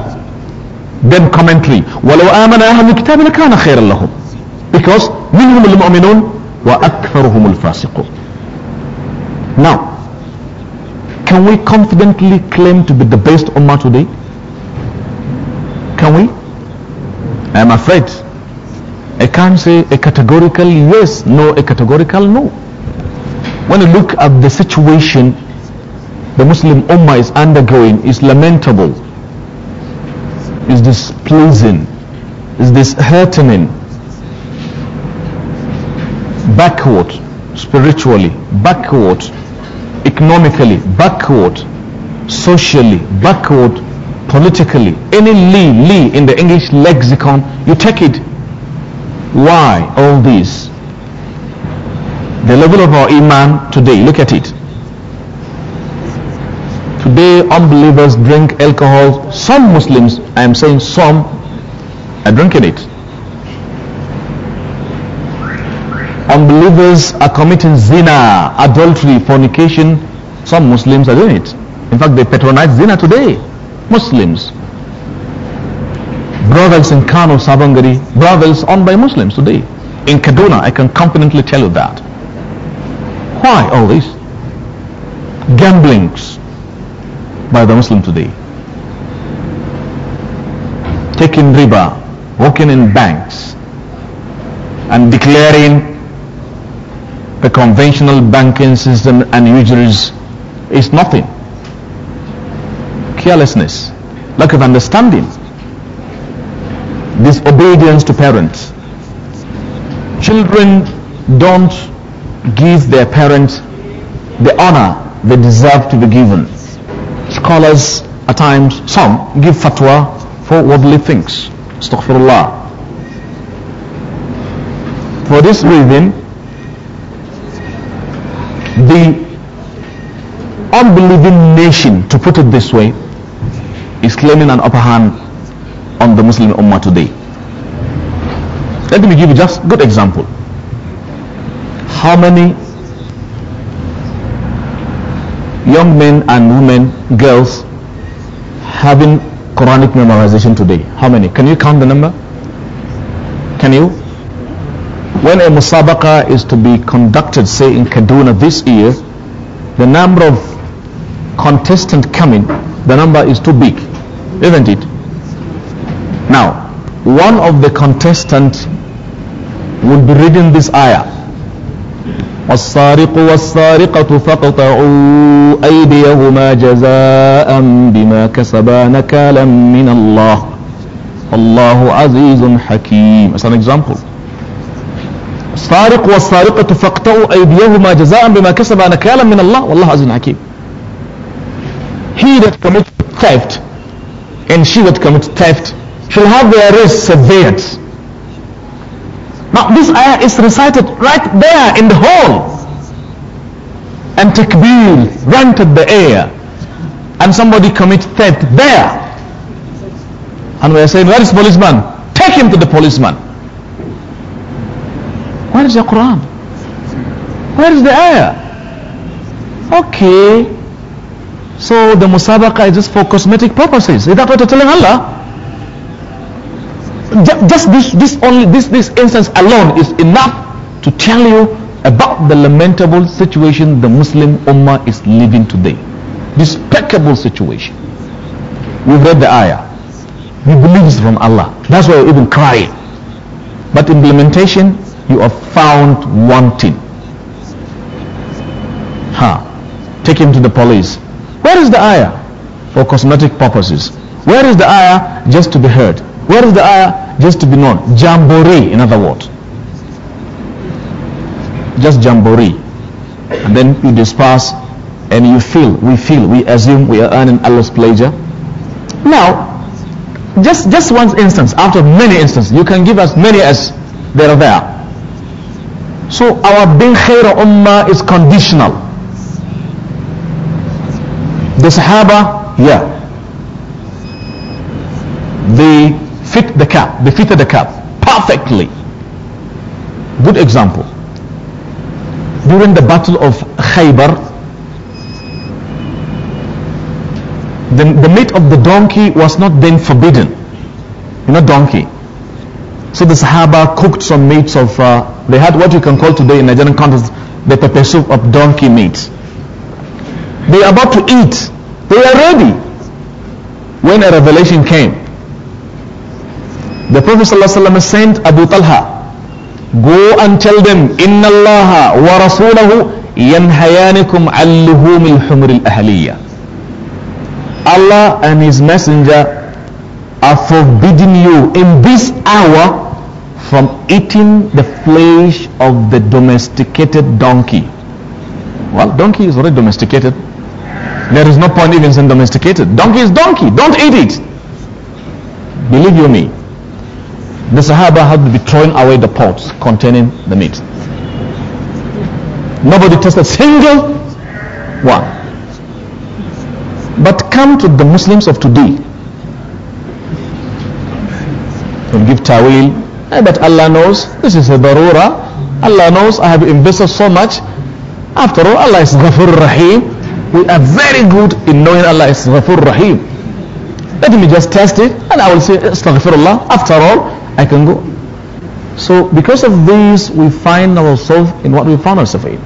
Then commentary, ولو آمن أهل الكتاب لكان خيرا لهم. Because منهم المؤمنون وأكثرهم الفاسقون. Now, Can we confidently claim to be the best Ummah today? Can we? I am afraid. I can't say a categorical yes, no, a categorical no. When you look at the situation the Muslim Ummah is undergoing, is lamentable, is displeasing, is disheartening, backward spiritually, backward economically backward, socially backward, politically, any Lee, Lee in the English lexicon, you take it. Why all this? The level of our Iman today, look at it. Today, unbelievers drink alcohol. Some Muslims, I am saying some, are drinking it. unbelievers are committing zina, adultery, fornication. Some Muslims are doing it. In fact, they patronize zina today. Muslims. Brothels in Kano, Savangari, brothels owned by Muslims today. In Kaduna, I can confidently tell you that. Why all this? Gamblings by the Muslim today. Taking riba, working in banks, and declaring the conventional banking system and usuries is nothing. Carelessness, lack of understanding, disobedience to parents. Children don't give their parents the honor they deserve to be given. Scholars at times, some give fatwa for worldly things. Astaghfirullah. For this reason, the unbelieving nation, to put it this way, is claiming an upper hand on the Muslim Ummah today. Let me give you just good example. How many young men and women, girls, having Quranic memorization today? How many? Can you count the number? Can you? when a musabaqa is to be conducted, say in Kaduna this year, the number of contestants coming, the number is too big, isn't it? Now, one of the contestants will be reading this ayah. والسارق والسارقة فاقطعوا أيديهما جزاء بما كسبا نكالا من الله الله عزيز حكيم as an example السارق والسارقة فاقطعوا أيديهما جزاء بما كسبا نكالا من الله والله عزيز حكيم He that commits theft and she that commits theft shall have their wrists severed. Now this ayah is recited right there in the hall. And takbir rented the air. And somebody commits theft there. And we are saying, where is policeman? Take him to the policeman. Where is the Quran? Where is the ayah? Okay. So the musabaka is just for cosmetic purposes. Is that what you're telling Allah? Just this, this only, this, this instance alone is enough to tell you about the lamentable situation the Muslim Ummah is living today. Despicable situation. We read the ayah. We believe it's from Allah. That's why we even cry. But implementation you are found wanting. Ha. Take him to the police. Where is the ayah? For cosmetic purposes. Where is the ayah? Just to be heard. Where is the ayah? Just to be known. Jamboree, in other words. Just jamboree. And then you disperse and you feel, we feel, we assume we are earning Allah's pleasure. Now, just just one instance, after many instances, you can give us many as there are there. So our being khayra ummah is conditional. The Sahaba, yeah. They fit the cap, they fitted the cap perfectly. Good example. During the battle of Khaybar, the, the meat of the donkey was not then forbidden. You know, donkey. So the Sahaba cooked some meats of, uh, they had what you can call today in Nigerian context, the pepper soup of donkey meat. They are about to eat. They are ready. When a revelation came, the Prophet ﷺ sent Abu Talha, go and tell them, Inna Allah wa Rasulahu yanhayanikum alluhum al-humr al Allah and His Messenger are forbidding you in this hour from eating the flesh of the domesticated donkey. Well, donkey is already domesticated. There is no point even saying domesticated. Donkey is donkey. Don't eat it. Believe you me. The Sahaba had to be throwing away the pots containing the meat. Nobody tasted single one. But come to the Muslims of today. They'll give tawil, Eh, but Allah knows this is a darura. Allah knows I have invested so much. After all, Allah is Ghafur Rahim. We are very good in knowing Allah is Ghafur Rahim. Let me just test it and I will say Astaghfirullah. After all, I can go. So because of this, we find ourselves in what we found ourselves in.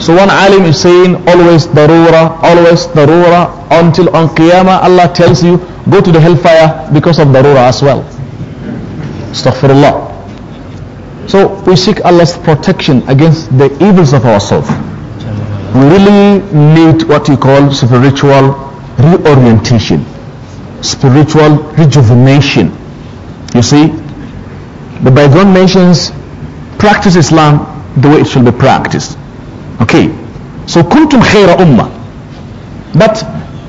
So one alim is saying always darura, always darura until on Qiyamah Allah tells you go to the hellfire because of darura as well. Astaghfirullah. So we seek Allah's protection against the evils of ourselves. We really need what you call spiritual reorientation, spiritual rejuvenation. You see, the Bible mentions practice Islam the way it should be practiced. Okay, so kuntum khaira ummah. But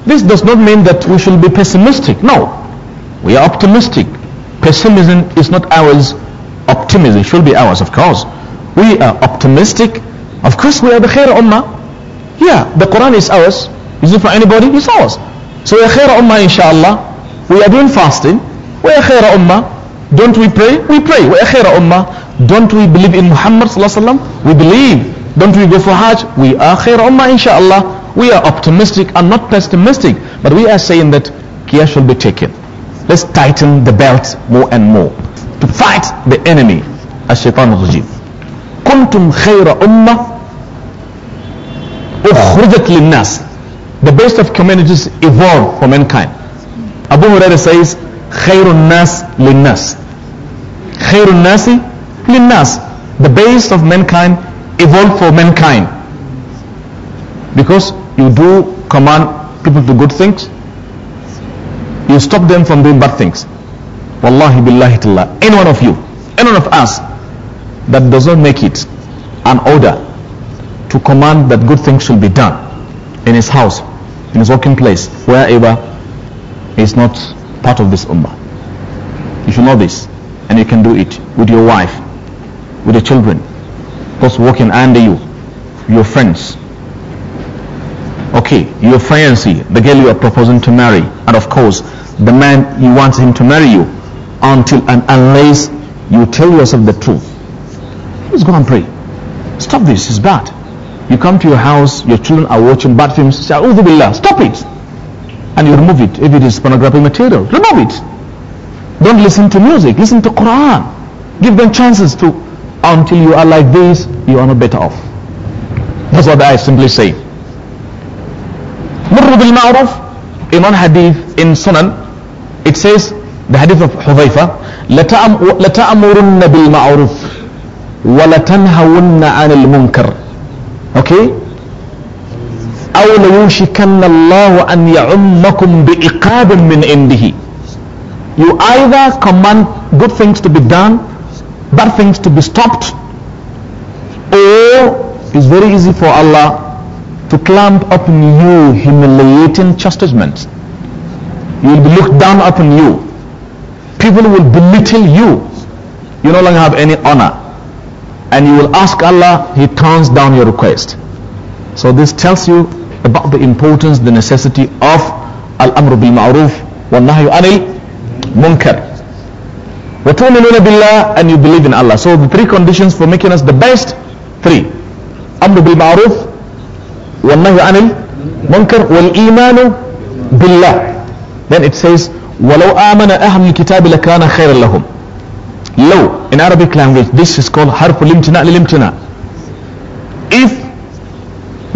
this does not mean that we should be pessimistic. No, we are optimistic. Pessimism is not ours. Optimism should be ours, of course. We are optimistic. Of course, we are the khair ummah. Yeah, the Quran is ours. Is it for anybody? It's ours. So we are khair ummah, inshallah. We are doing fasting. We are khair ummah. Don't we pray? We pray. We are khair ummah. Don't we believe in Muhammad sallallahu alaihi wasallam? We believe. Don't we go for Hajj? We are khair ummah, inshallah. We are optimistic and not pessimistic. But we are saying that care should be taken. Let's tighten the belt more and more to fight the enemy. الشيطان الرجيم كنتم خير أمة أخرجت linnas. The best of communities evolved for mankind. Abu Huraira says خير nas linnas. خير الناس linnas. The best of mankind evolved for mankind. Because you do command people to good things you stop them from doing bad things. Wallahi billahi Any one of you, any one of us that does not make it an order to command that good things should be done in his house, in his working place, wherever is not part of this ummah. You should know this and you can do it with your wife, with your children, those working under you, your friends, okay, your fiancé, the girl you are proposing to marry, and of course, the man you want him to marry you, until and unless you tell yourself the truth. Let's go and pray. Stop this, it's bad. You come to your house, your children are watching bad films, say, billah, stop it. And you remove it if it is pornographic material. Remove it. Don't listen to music, listen to Quran. Give them chances to until you are like this, you are not better off. That's what I simply say. مروا بالمعروف in one hadith in Sunan it says the hadith of Hudhaifa لتأمرن بالمعروف ولتنهون عن المنكر okay أو ليوشكن الله أن يعمكم بإقاب من عنده you either command good things to be done bad things to be stopped or it's very easy for Allah to clamp upon you humiliating chastisement. You will be looked down upon you. People will belittle you. You no longer have any honor. And you will ask Allah, He turns down your request. So this tells you about the importance, the necessity of al-amr bil ma'ruf wa nahyu anil munkar. Wa tu'minuna billah and you believe in Allah. So the three conditions for making us the best, three. Amr bil ma'ruf, والنهي عن المنكر والإيمان بالله then it says ولو آمن أهل الكتاب لكان خيرا لهم لو in Arabic language this is called حرف الامتناء للامتناء if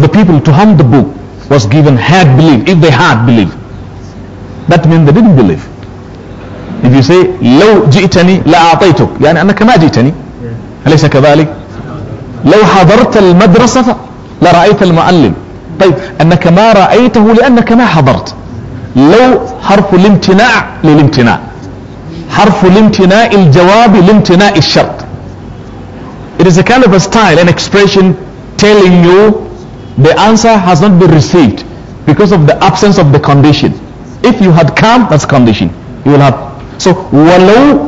the people to whom the book was given had believed if they had believed that means they didn't believe if you say لو جئتني لأعطيتك يعني أنك ما جئتني أليس كذلك لو حضرت المدرسة لرأيت المعلم طيب أنك ما رأيته لأنك ما حضرت لو حرف الامتناع للامتناع حرف الامتناع الجواب لامتناع الشرط It is a kind of a style, an expression telling you the answer has not been received because of the absence of the condition. If you had come, that's condition. You will have. So, ولو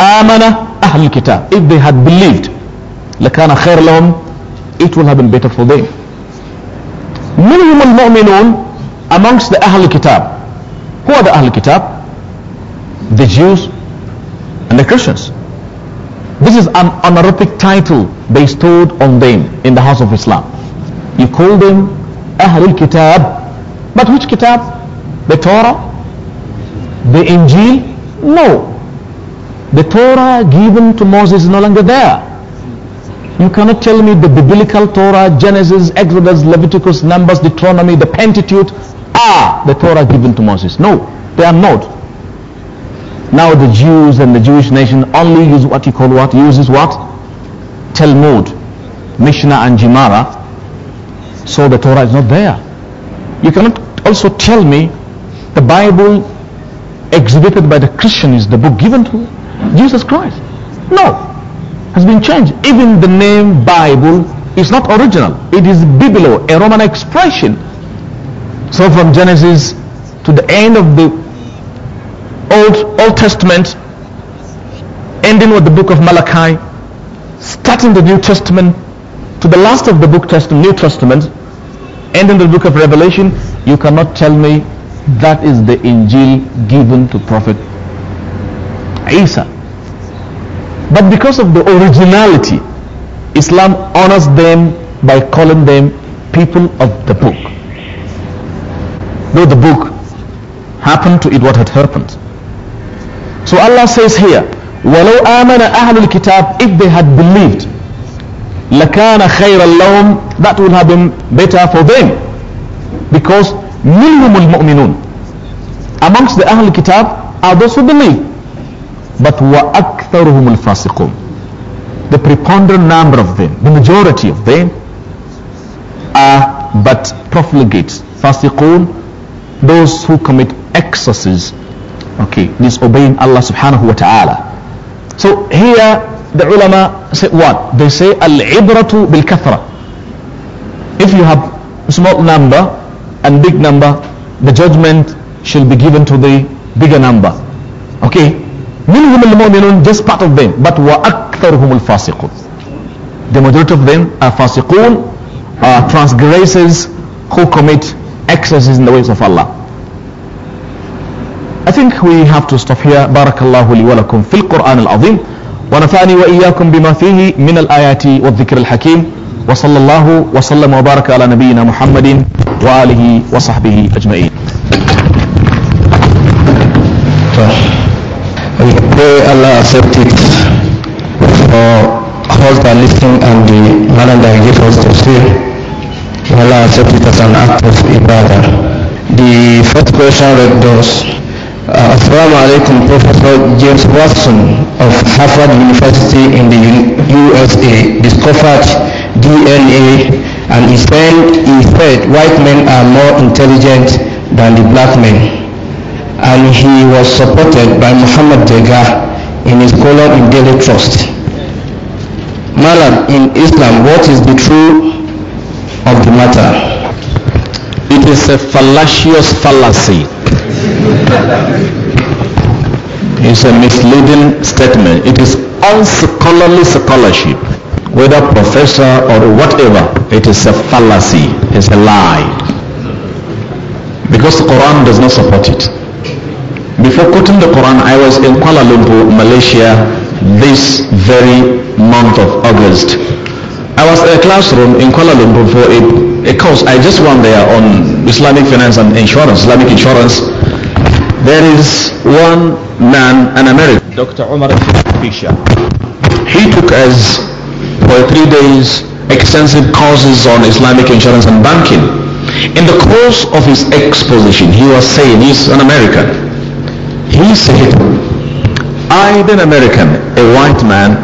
آمن أهل الكتاب. If they had believed, لكان خير لهم it will have been better for them. Minhum al-mu'minun amongst the Ahl Kitab. Who are the Ahl Kitab? The Jews and the Christians. This is an honorific title bestowed on them in the house of Islam. You call them Ahl Kitab. But which Kitab? The Torah? The Injil? No. The Torah given to Moses is no longer there. You cannot tell me the biblical Torah, Genesis, Exodus, Leviticus, Numbers, Deuteronomy, the Pentateuch are the Torah given to Moses. No, they are not. Now the Jews and the Jewish nation only use what you call what? Uses what? Talmud, Mishnah and Gemara. So the Torah is not there. You cannot also tell me the Bible exhibited by the Christian is the book given to Jesus Christ. No, has been changed. Even the name Bible is not original. It is Biblo, a Roman expression. So from Genesis to the end of the Old, Old Testament, ending with the book of Malachi, starting the New Testament to the last of the book Testament, New Testament, ending the book of Revelation, you cannot tell me that is the Injil given to Prophet Isa but because of the originality, Islam honors them by calling them people of the book. Though the book happened to it what had happened. So Allah says here, وَلَوْ آمَنَ أَهْلُ الْكِتَابِ If they had believed, لَكَانَ خَيْرَ اللَّهُمْ That would have been better for them. Because مِنْهُمُ الْمُؤْمِنُونَ Amongst the Ahlul Kitab are those who believe. But وَأَكْثَرُهُمُ الْفَاسِقُونَ The preponderant number of them, the majority of them, are but profligates, fasiqun, those who commit excesses, okay, disobeying Allah subhanahu wa ta'ala. So here the ulama say what? They say al-ibratu bil-kathra. If you have small number and big number, the judgment shall be given to the bigger number. Okay? منهم المؤمنون just part of them but وأكثرهم الفاسقون the majority of them are فاسقون are transgressors who commit excesses in the ways of Allah I think we have to stop here بارك الله لي ولكم في القرآن العظيم ونفعني وإياكم بما فيه من الآيات والذكر الحكيم وصلى الله وسلم وبارك على نبينا محمد وآله وصحبه أجمعين Thank طيب. you. We pray Allah accept it for all that listening and the manner that give us to see. Allah accept it as an act of ibadah. The first question read those. Uh, Assalamu alaikum, Professor James Watson of Harvard University in the USA discovered DNA and he said, he said white men are more intelligent than the black men and he was supported by Muhammad Dega in his column in Daily Trust. Malam, in Islam, what is the truth of the matter? It is a fallacious fallacy. it's a misleading statement. It is unscholarly scholarship, whether professor or whatever. It is a fallacy. It's a lie. Because the Quran does not support it. Before quoting the Quran, I was in Kuala Lumpur, Malaysia, this very month of August. I was in a classroom in Kuala Lumpur for a, a course I just went there on Islamic finance and insurance, Islamic insurance. There is one man, an American, Dr. Omar Fisher. He took us for three days extensive courses on Islamic insurance and banking. In the course of his exposition, he was saying, he's an American, he said, I, an American, a white man,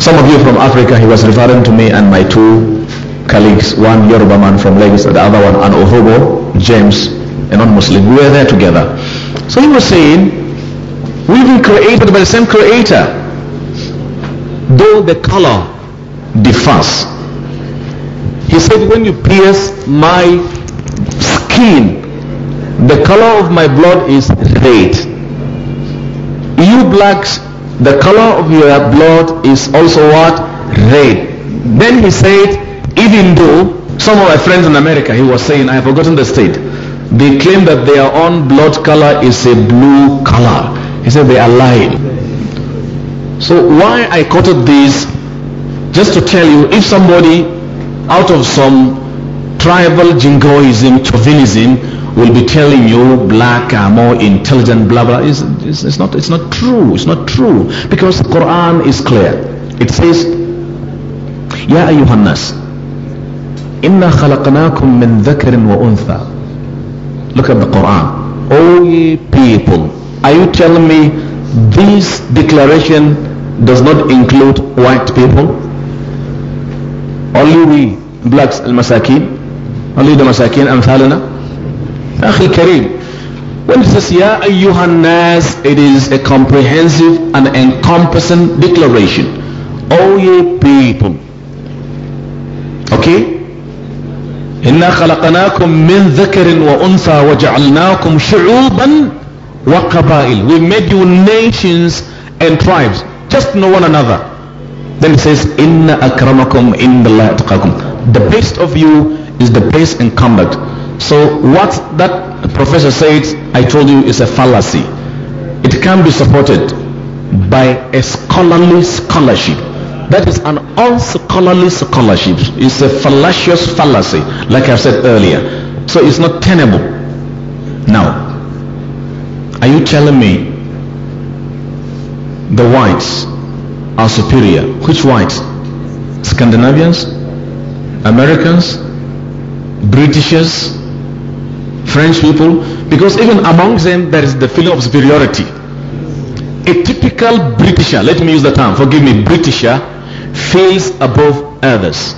some of you from Africa, he was referring to me and my two colleagues, one Yoruba man from Lagos, the other one an Ohobo, James, a non-Muslim. We were there together. So he was saying, we've been created by the same creator, though the color differs. He said, when you pierce my skin, the color of my blood is red. You blacks, the color of your blood is also what? Red. Then he said, even though some of my friends in America, he was saying, I have forgotten the state. They claim that their own blood color is a blue color. He said they are lying. So why I quoted this? Just to tell you, if somebody out of some tribal jingoism, chauvinism, will be telling you black are uh, more intelligent, blah, blah. It's, it's, it's, not, it's not true. It's not true. Because Quran is clear. It says, Ya ayyuhan nas, inna khalaqnakum min dhakarin wa untha. Look at the Quran. O ye people, are you telling me this declaration does not include white people? Only we, blacks, al-masakin, only the masakin, amthalana. أخي الكريم when it says Ya أيها it is a comprehensive and encompassing declaration O ye people okay إنا خلقناكم من ذكر وأنثى وجعلناكم شعوبا وقبائل we made you nations and tribes just know one another then it says Inna أكرمكم عند الله أتقاكم the best of you is the best in conduct so what that professor said, I told you, is a fallacy. It can be supported by a scholarly scholarship. That is an unscholarly scholarship. It's a fallacious fallacy, like I've said earlier. So it's not tenable. Now, are you telling me the whites are superior? Which whites? Scandinavians? Americans? Britishers? French people, because even among them there is the feeling of superiority. A typical Britisher, let me use the term, forgive me, Britisher, feels above others.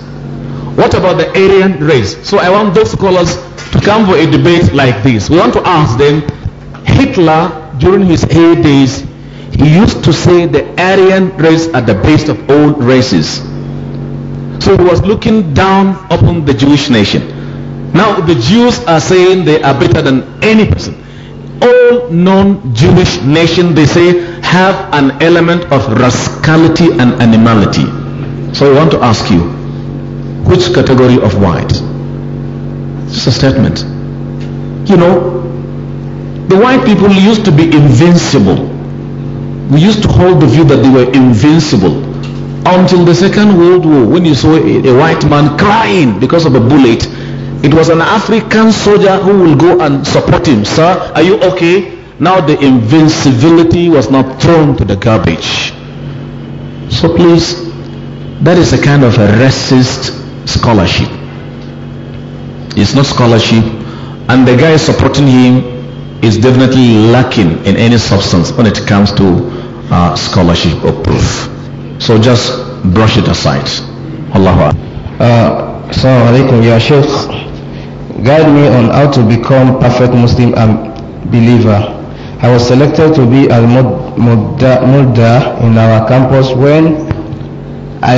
What about the Aryan race? So I want those scholars to come for a debate like this. We want to ask them, Hitler, during his heydays, he used to say the Aryan race are the best of all races. So he was looking down upon the Jewish nation. Now the Jews are saying they are better than any person. All non-Jewish nations, they say, have an element of rascality and animality. So I want to ask you, which category of whites? Just a statement. You know, the white people used to be invincible. We used to hold the view that they were invincible until the Second World War when you saw a, a white man crying because of a bullet it was an African soldier who will go and support him. Sir, are you okay? Now the invincibility was not thrown to the garbage. So please, that is a kind of a racist scholarship. It's not scholarship. And the guy supporting him is definitely lacking in any substance when it comes to uh, scholarship or proof. So just brush it aside. Allahu uh, Assalamu alaikum, Ya Sheikh. Guide me on how to become perfect Muslim and believer. I was selected to be al Mudda in our campus when I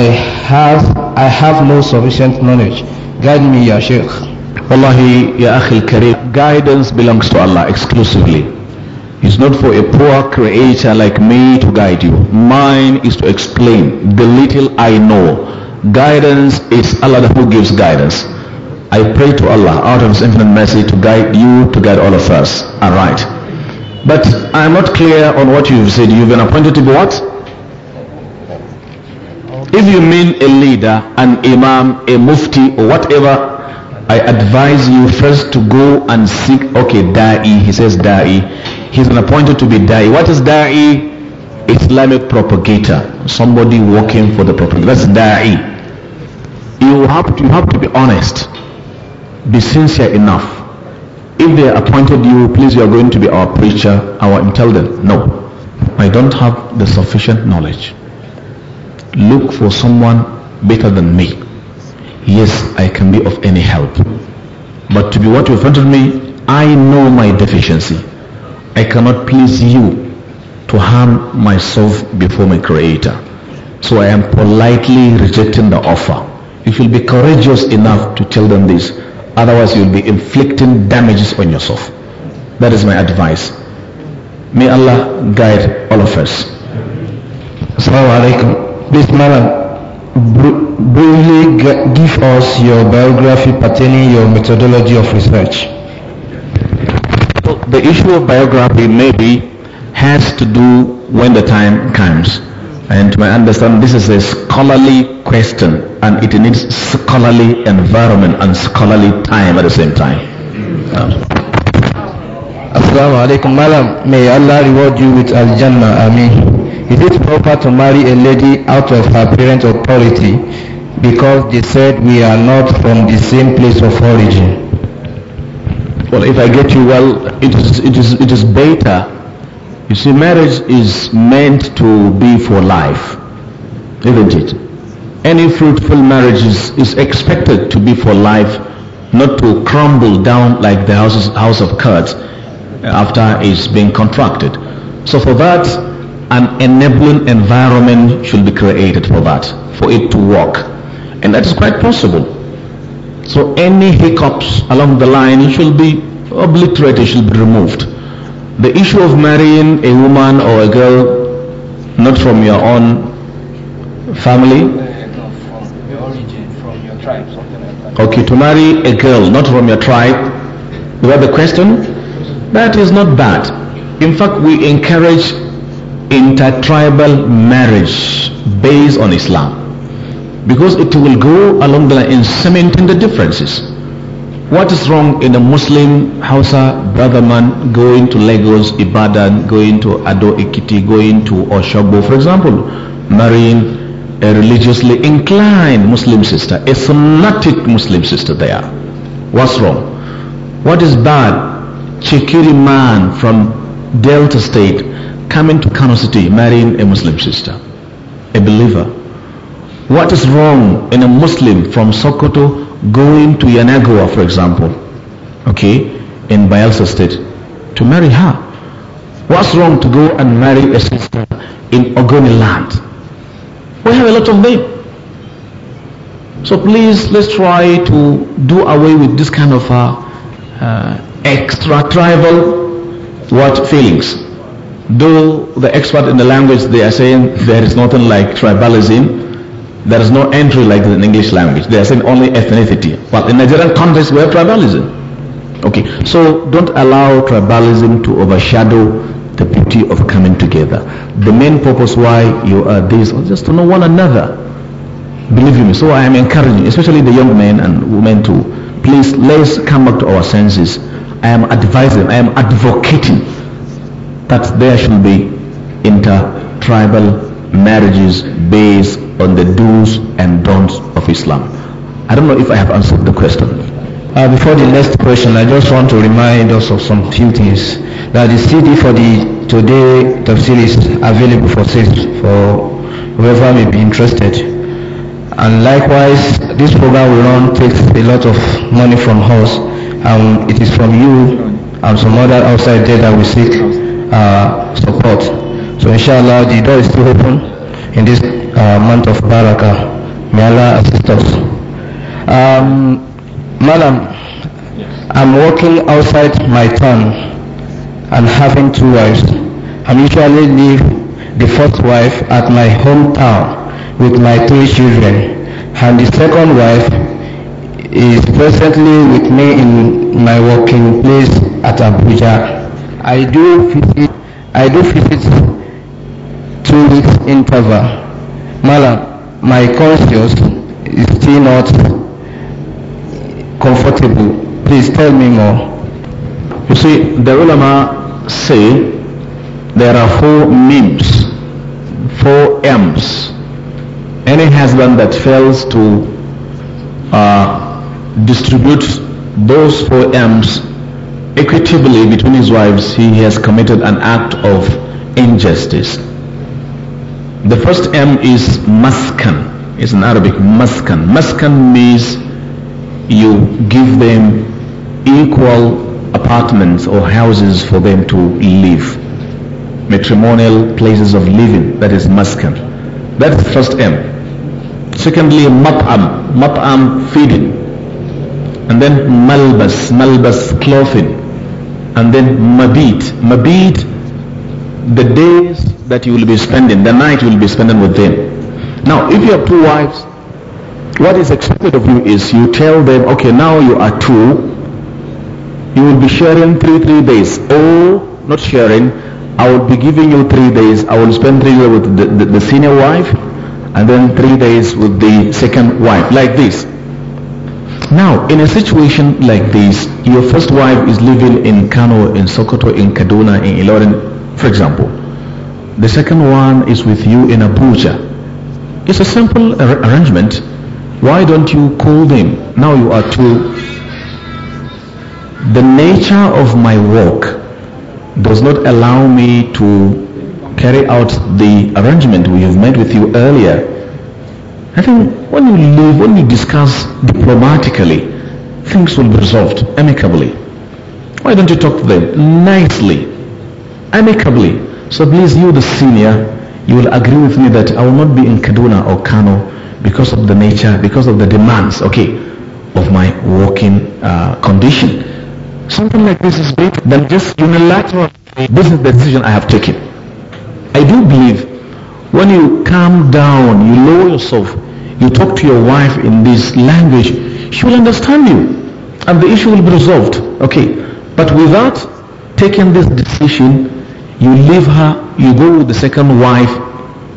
have I have no sufficient knowledge. Guide me, Ya Sheikh. Wallahi, Ya Akhil Kareem. Guidance belongs to Allah exclusively. It's not for a poor creator like me to guide you. Mine is to explain the little I know Guidance is Allah who gives guidance. I pray to Allah out of His infinite mercy to guide you, to guide all of us. All right. But I'm not clear on what you've said. You've been appointed to be what? If you mean a leader, an imam, a mufti, or whatever, I advise you first to go and seek. Okay, da'i. He says da'i. He's been appointed to be da'i. What is da'i? Islamic propagator. Somebody working for the propagator. That's da'i you have to, you have to be honest be sincere enough if they appointed you please you are going to be our preacher our intelligent no i don't have the sufficient knowledge look for someone better than me yes i can be of any help but to be what you appointed me i know my deficiency i cannot please you to harm myself before my creator so i am politely rejecting the offer you should be courageous enough to tell them this. Otherwise, you'll be inflicting damages on yourself. That is my advice. May Allah guide all of us. Assalamu alaikum. Please, madam, briefly give us your biography pertaining your methodology of research. the issue of biography maybe has to do when the time comes. And to my understanding, this is a scholarly question and it needs scholarly environment and scholarly time at the same time. Um. Assalamu alaikum, madam. May Allah reward you with Al Jannah. Amin. Is it proper to marry a lady out of her parents' authority because they said we are not from the same place of origin? Well, if I get you well, it is, it is, it is better you see, marriage is meant to be for life, isn't it? Any fruitful marriage is, is expected to be for life, not to crumble down like the houses, house of cards after it's been contracted. So for that, an enabling environment should be created for that, for it to work. And that is quite possible. So any hiccups along the line should be obliterated, should be removed. The issue of marrying a woman or a girl not from your own family. Okay, to marry a girl not from your tribe. You have a question? That is not bad. In fact, we encourage intertribal marriage based on Islam because it will go along the line in cementing the differences. What is wrong in a Muslim Hausa brotherman going to Lagos, Ibadan, going to Ado Ekiti, going to Oshobo, for example, marrying a religiously inclined Muslim sister, a fanatic Muslim sister there. What's wrong? What is bad? Chikiri man from Delta State coming to Kano City marrying a Muslim sister, a believer. What is wrong in a Muslim from Sokoto going to Yanagawa, for example, okay, in Bielsa state, to marry her. What's wrong to go and marry a sister in Ogoni land? We have a lot of them. So please, let's try to do away with this kind of uh, uh, extra-tribal what feelings. Though the expert in the language, they are saying there is nothing like tribalism, there is no entry like this in English language. They are saying only ethnicity. Well, in Nigerian context, we have tribalism. Okay, so don't allow tribalism to overshadow the beauty of coming together. The main purpose why you are this is just to know one another. Believe me. So I am encouraging, especially the young men and women too. Please, let's come back to our senses. I am advising, I am advocating that there should be inter-tribal marriages based on the do's and don'ts of Islam? I don't know if I have answered the question. Uh, before the next question, I just want to remind us of some few things. That the CD for the today tafsir is available for sale for whoever may be interested. And likewise, this program will not takes a lot of money from us, and it is from you and some other outside there that we seek uh, support. So inshallah the door is still open in this uh, month of Baraka. May Allah assist us. Um, Madam, yes. I'm working outside my town and having two wives. I usually leave the first wife at my hometown with my three children and the second wife is presently with me in my working place at Abuja. I do visit, I do visit two weeks interval madam my conscience is still not comfortable please tell me more you see the ulama say there are four memes four m's any husband that fails to uh, distribute those four m's equitably between his wives he has committed an act of injustice the first M is maskan. It's an Arabic maskan. Maskan means you give them equal apartments or houses for them to live. Matrimonial places of living. That is maskan. That's the first M. Secondly, mat'am. Mat'am feeding. And then malbas. Malbas clothing. And then mabit. Mabit the days that you will be spending, the night you will be spending with them. Now, if you have two wives, what is expected of you is you tell them, okay, now you are two, you will be sharing three, three days. Oh, not sharing, I will be giving you three days. I will spend three days with the, the, the senior wife and then three days with the second wife, like this. Now, in a situation like this, your first wife is living in Kano, in Sokoto, in Kaduna, in Ilorin, for example. The second one is with you in Abuja. It's a simple ar arrangement. Why don't you call them? Now you are two. The nature of my work does not allow me to carry out the arrangement we have made with you earlier. I think when you live, when you discuss diplomatically, things will be resolved amicably. Why don't you talk to them nicely? amicably. So please, you the senior, you will agree with me that I will not be in Kaduna or Kano because of the nature, because of the demands, okay, of my working uh, condition. Something like this is better than just unilateral. This is the decision I have taken. I do believe when you calm down, you lower yourself, you talk to your wife in this language, she will understand you and the issue will be resolved. Okay. But without taking this decision, you leave her, you go with the second wife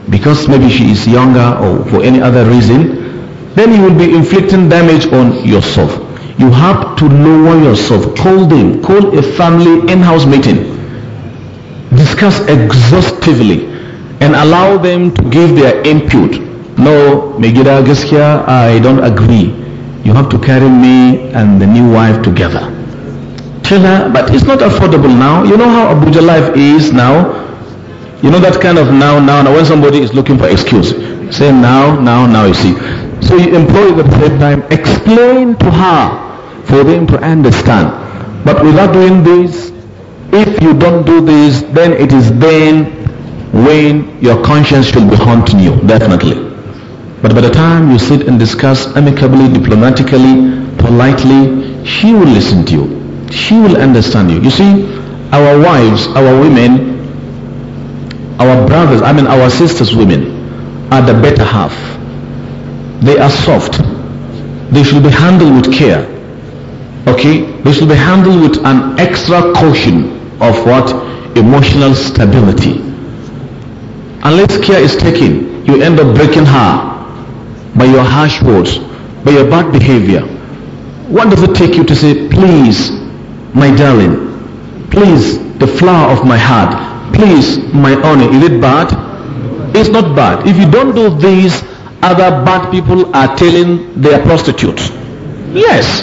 because maybe she is younger or for any other reason, then you will be inflicting damage on yourself. You have to lower yourself. Call them. Call a family in-house meeting. Discuss exhaustively and allow them to give their input. No, Megida Gaskia, I don't agree. You have to carry me and the new wife together but it's not affordable now. You know how Abuja life is now. You know that kind of now, now, now. When somebody is looking for excuse, say now, now, now. You see. So you employ at the same time. Explain to her for them to understand. But without doing this, if you don't do this, then it is then when your conscience should be haunting you, definitely. But by the time you sit and discuss amicably, diplomatically, politely, she will listen to you she will understand you. You see, our wives, our women, our brothers, I mean our sisters, women, are the better half. They are soft. They should be handled with care. Okay? They should be handled with an extra caution of what? Emotional stability. Unless care is taken, you end up breaking her by your harsh words, by your bad behavior. What does it take you to say, please, my darling, please, the flower of my heart, please, my honor, is it bad? It's not bad. If you don't do this, other bad people are telling their prostitutes. Yes.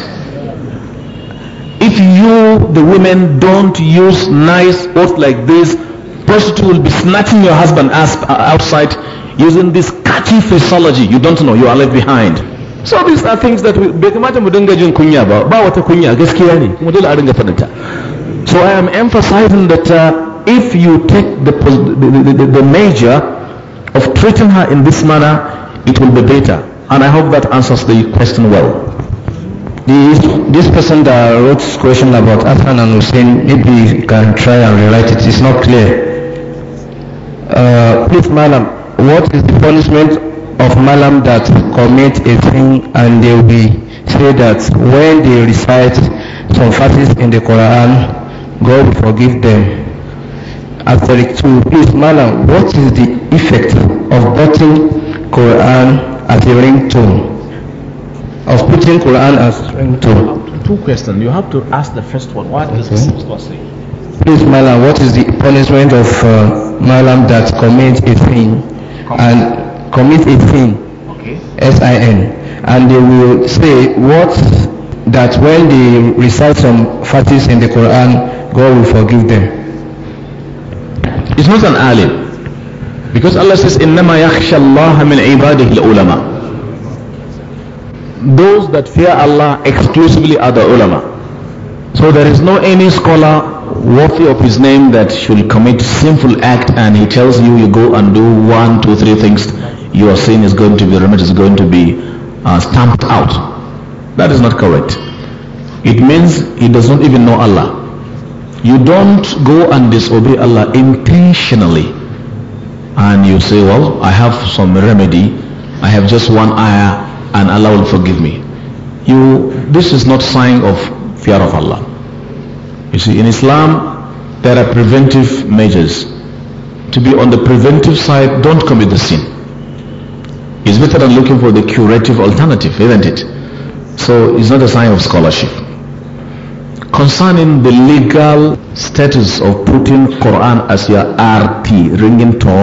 If you, the women, don't use nice words like this, prostitute will be snatching your husband uh, outside using this catchy physiology. You don't know, you are left behind so these are things that we kamata mu dinga jin kunya ba ba wata kunya gaskiya ne kuma dole a dinga so i am emphasizing that uh, if you take the, the, the, the measure of treating her in this manner it will be better and i hope that answers the question well this, this person that wrote this question about Afan and Hussein maybe you can try and rewrite it it's not clear uh, please madam what is the punishment of malam that commit a sin and they will say that when they recite some verses in the Quran, God will forgive them. Asterisk 2. Please, malam, what is the effect of putting Quran as a ringtone? Of putting Quran as ringtone? Two questions. You have to ask the first one. What does okay. say? Please, Malam, what is the punishment of uh, Malam that commits a sin and commit a sin okay. sin and they will say what that when they recite some verses in the quran god will forgive them it's not an alim because allah says innama yakhsha allah min ibadihi ulama those that fear allah exclusively are the ulama so there is no any scholar worthy of his name that should commit sinful act and he tells you you go and do one two three things your sin is going to be remitted is going to be uh, stamped out that is not correct it means he does not even know allah you don't go and disobey allah intentionally and you say well i have some remedy i have just one ayah and allah will forgive me you this is not sign of fear of allah you see, in Islam, there are preventive measures. To be on the preventive side, don't commit the sin. It's better than looking for the curative alternative, isn't it? So it's not a sign of scholarship. Concerning the legal status of putting Quran as your RT, ringing tone,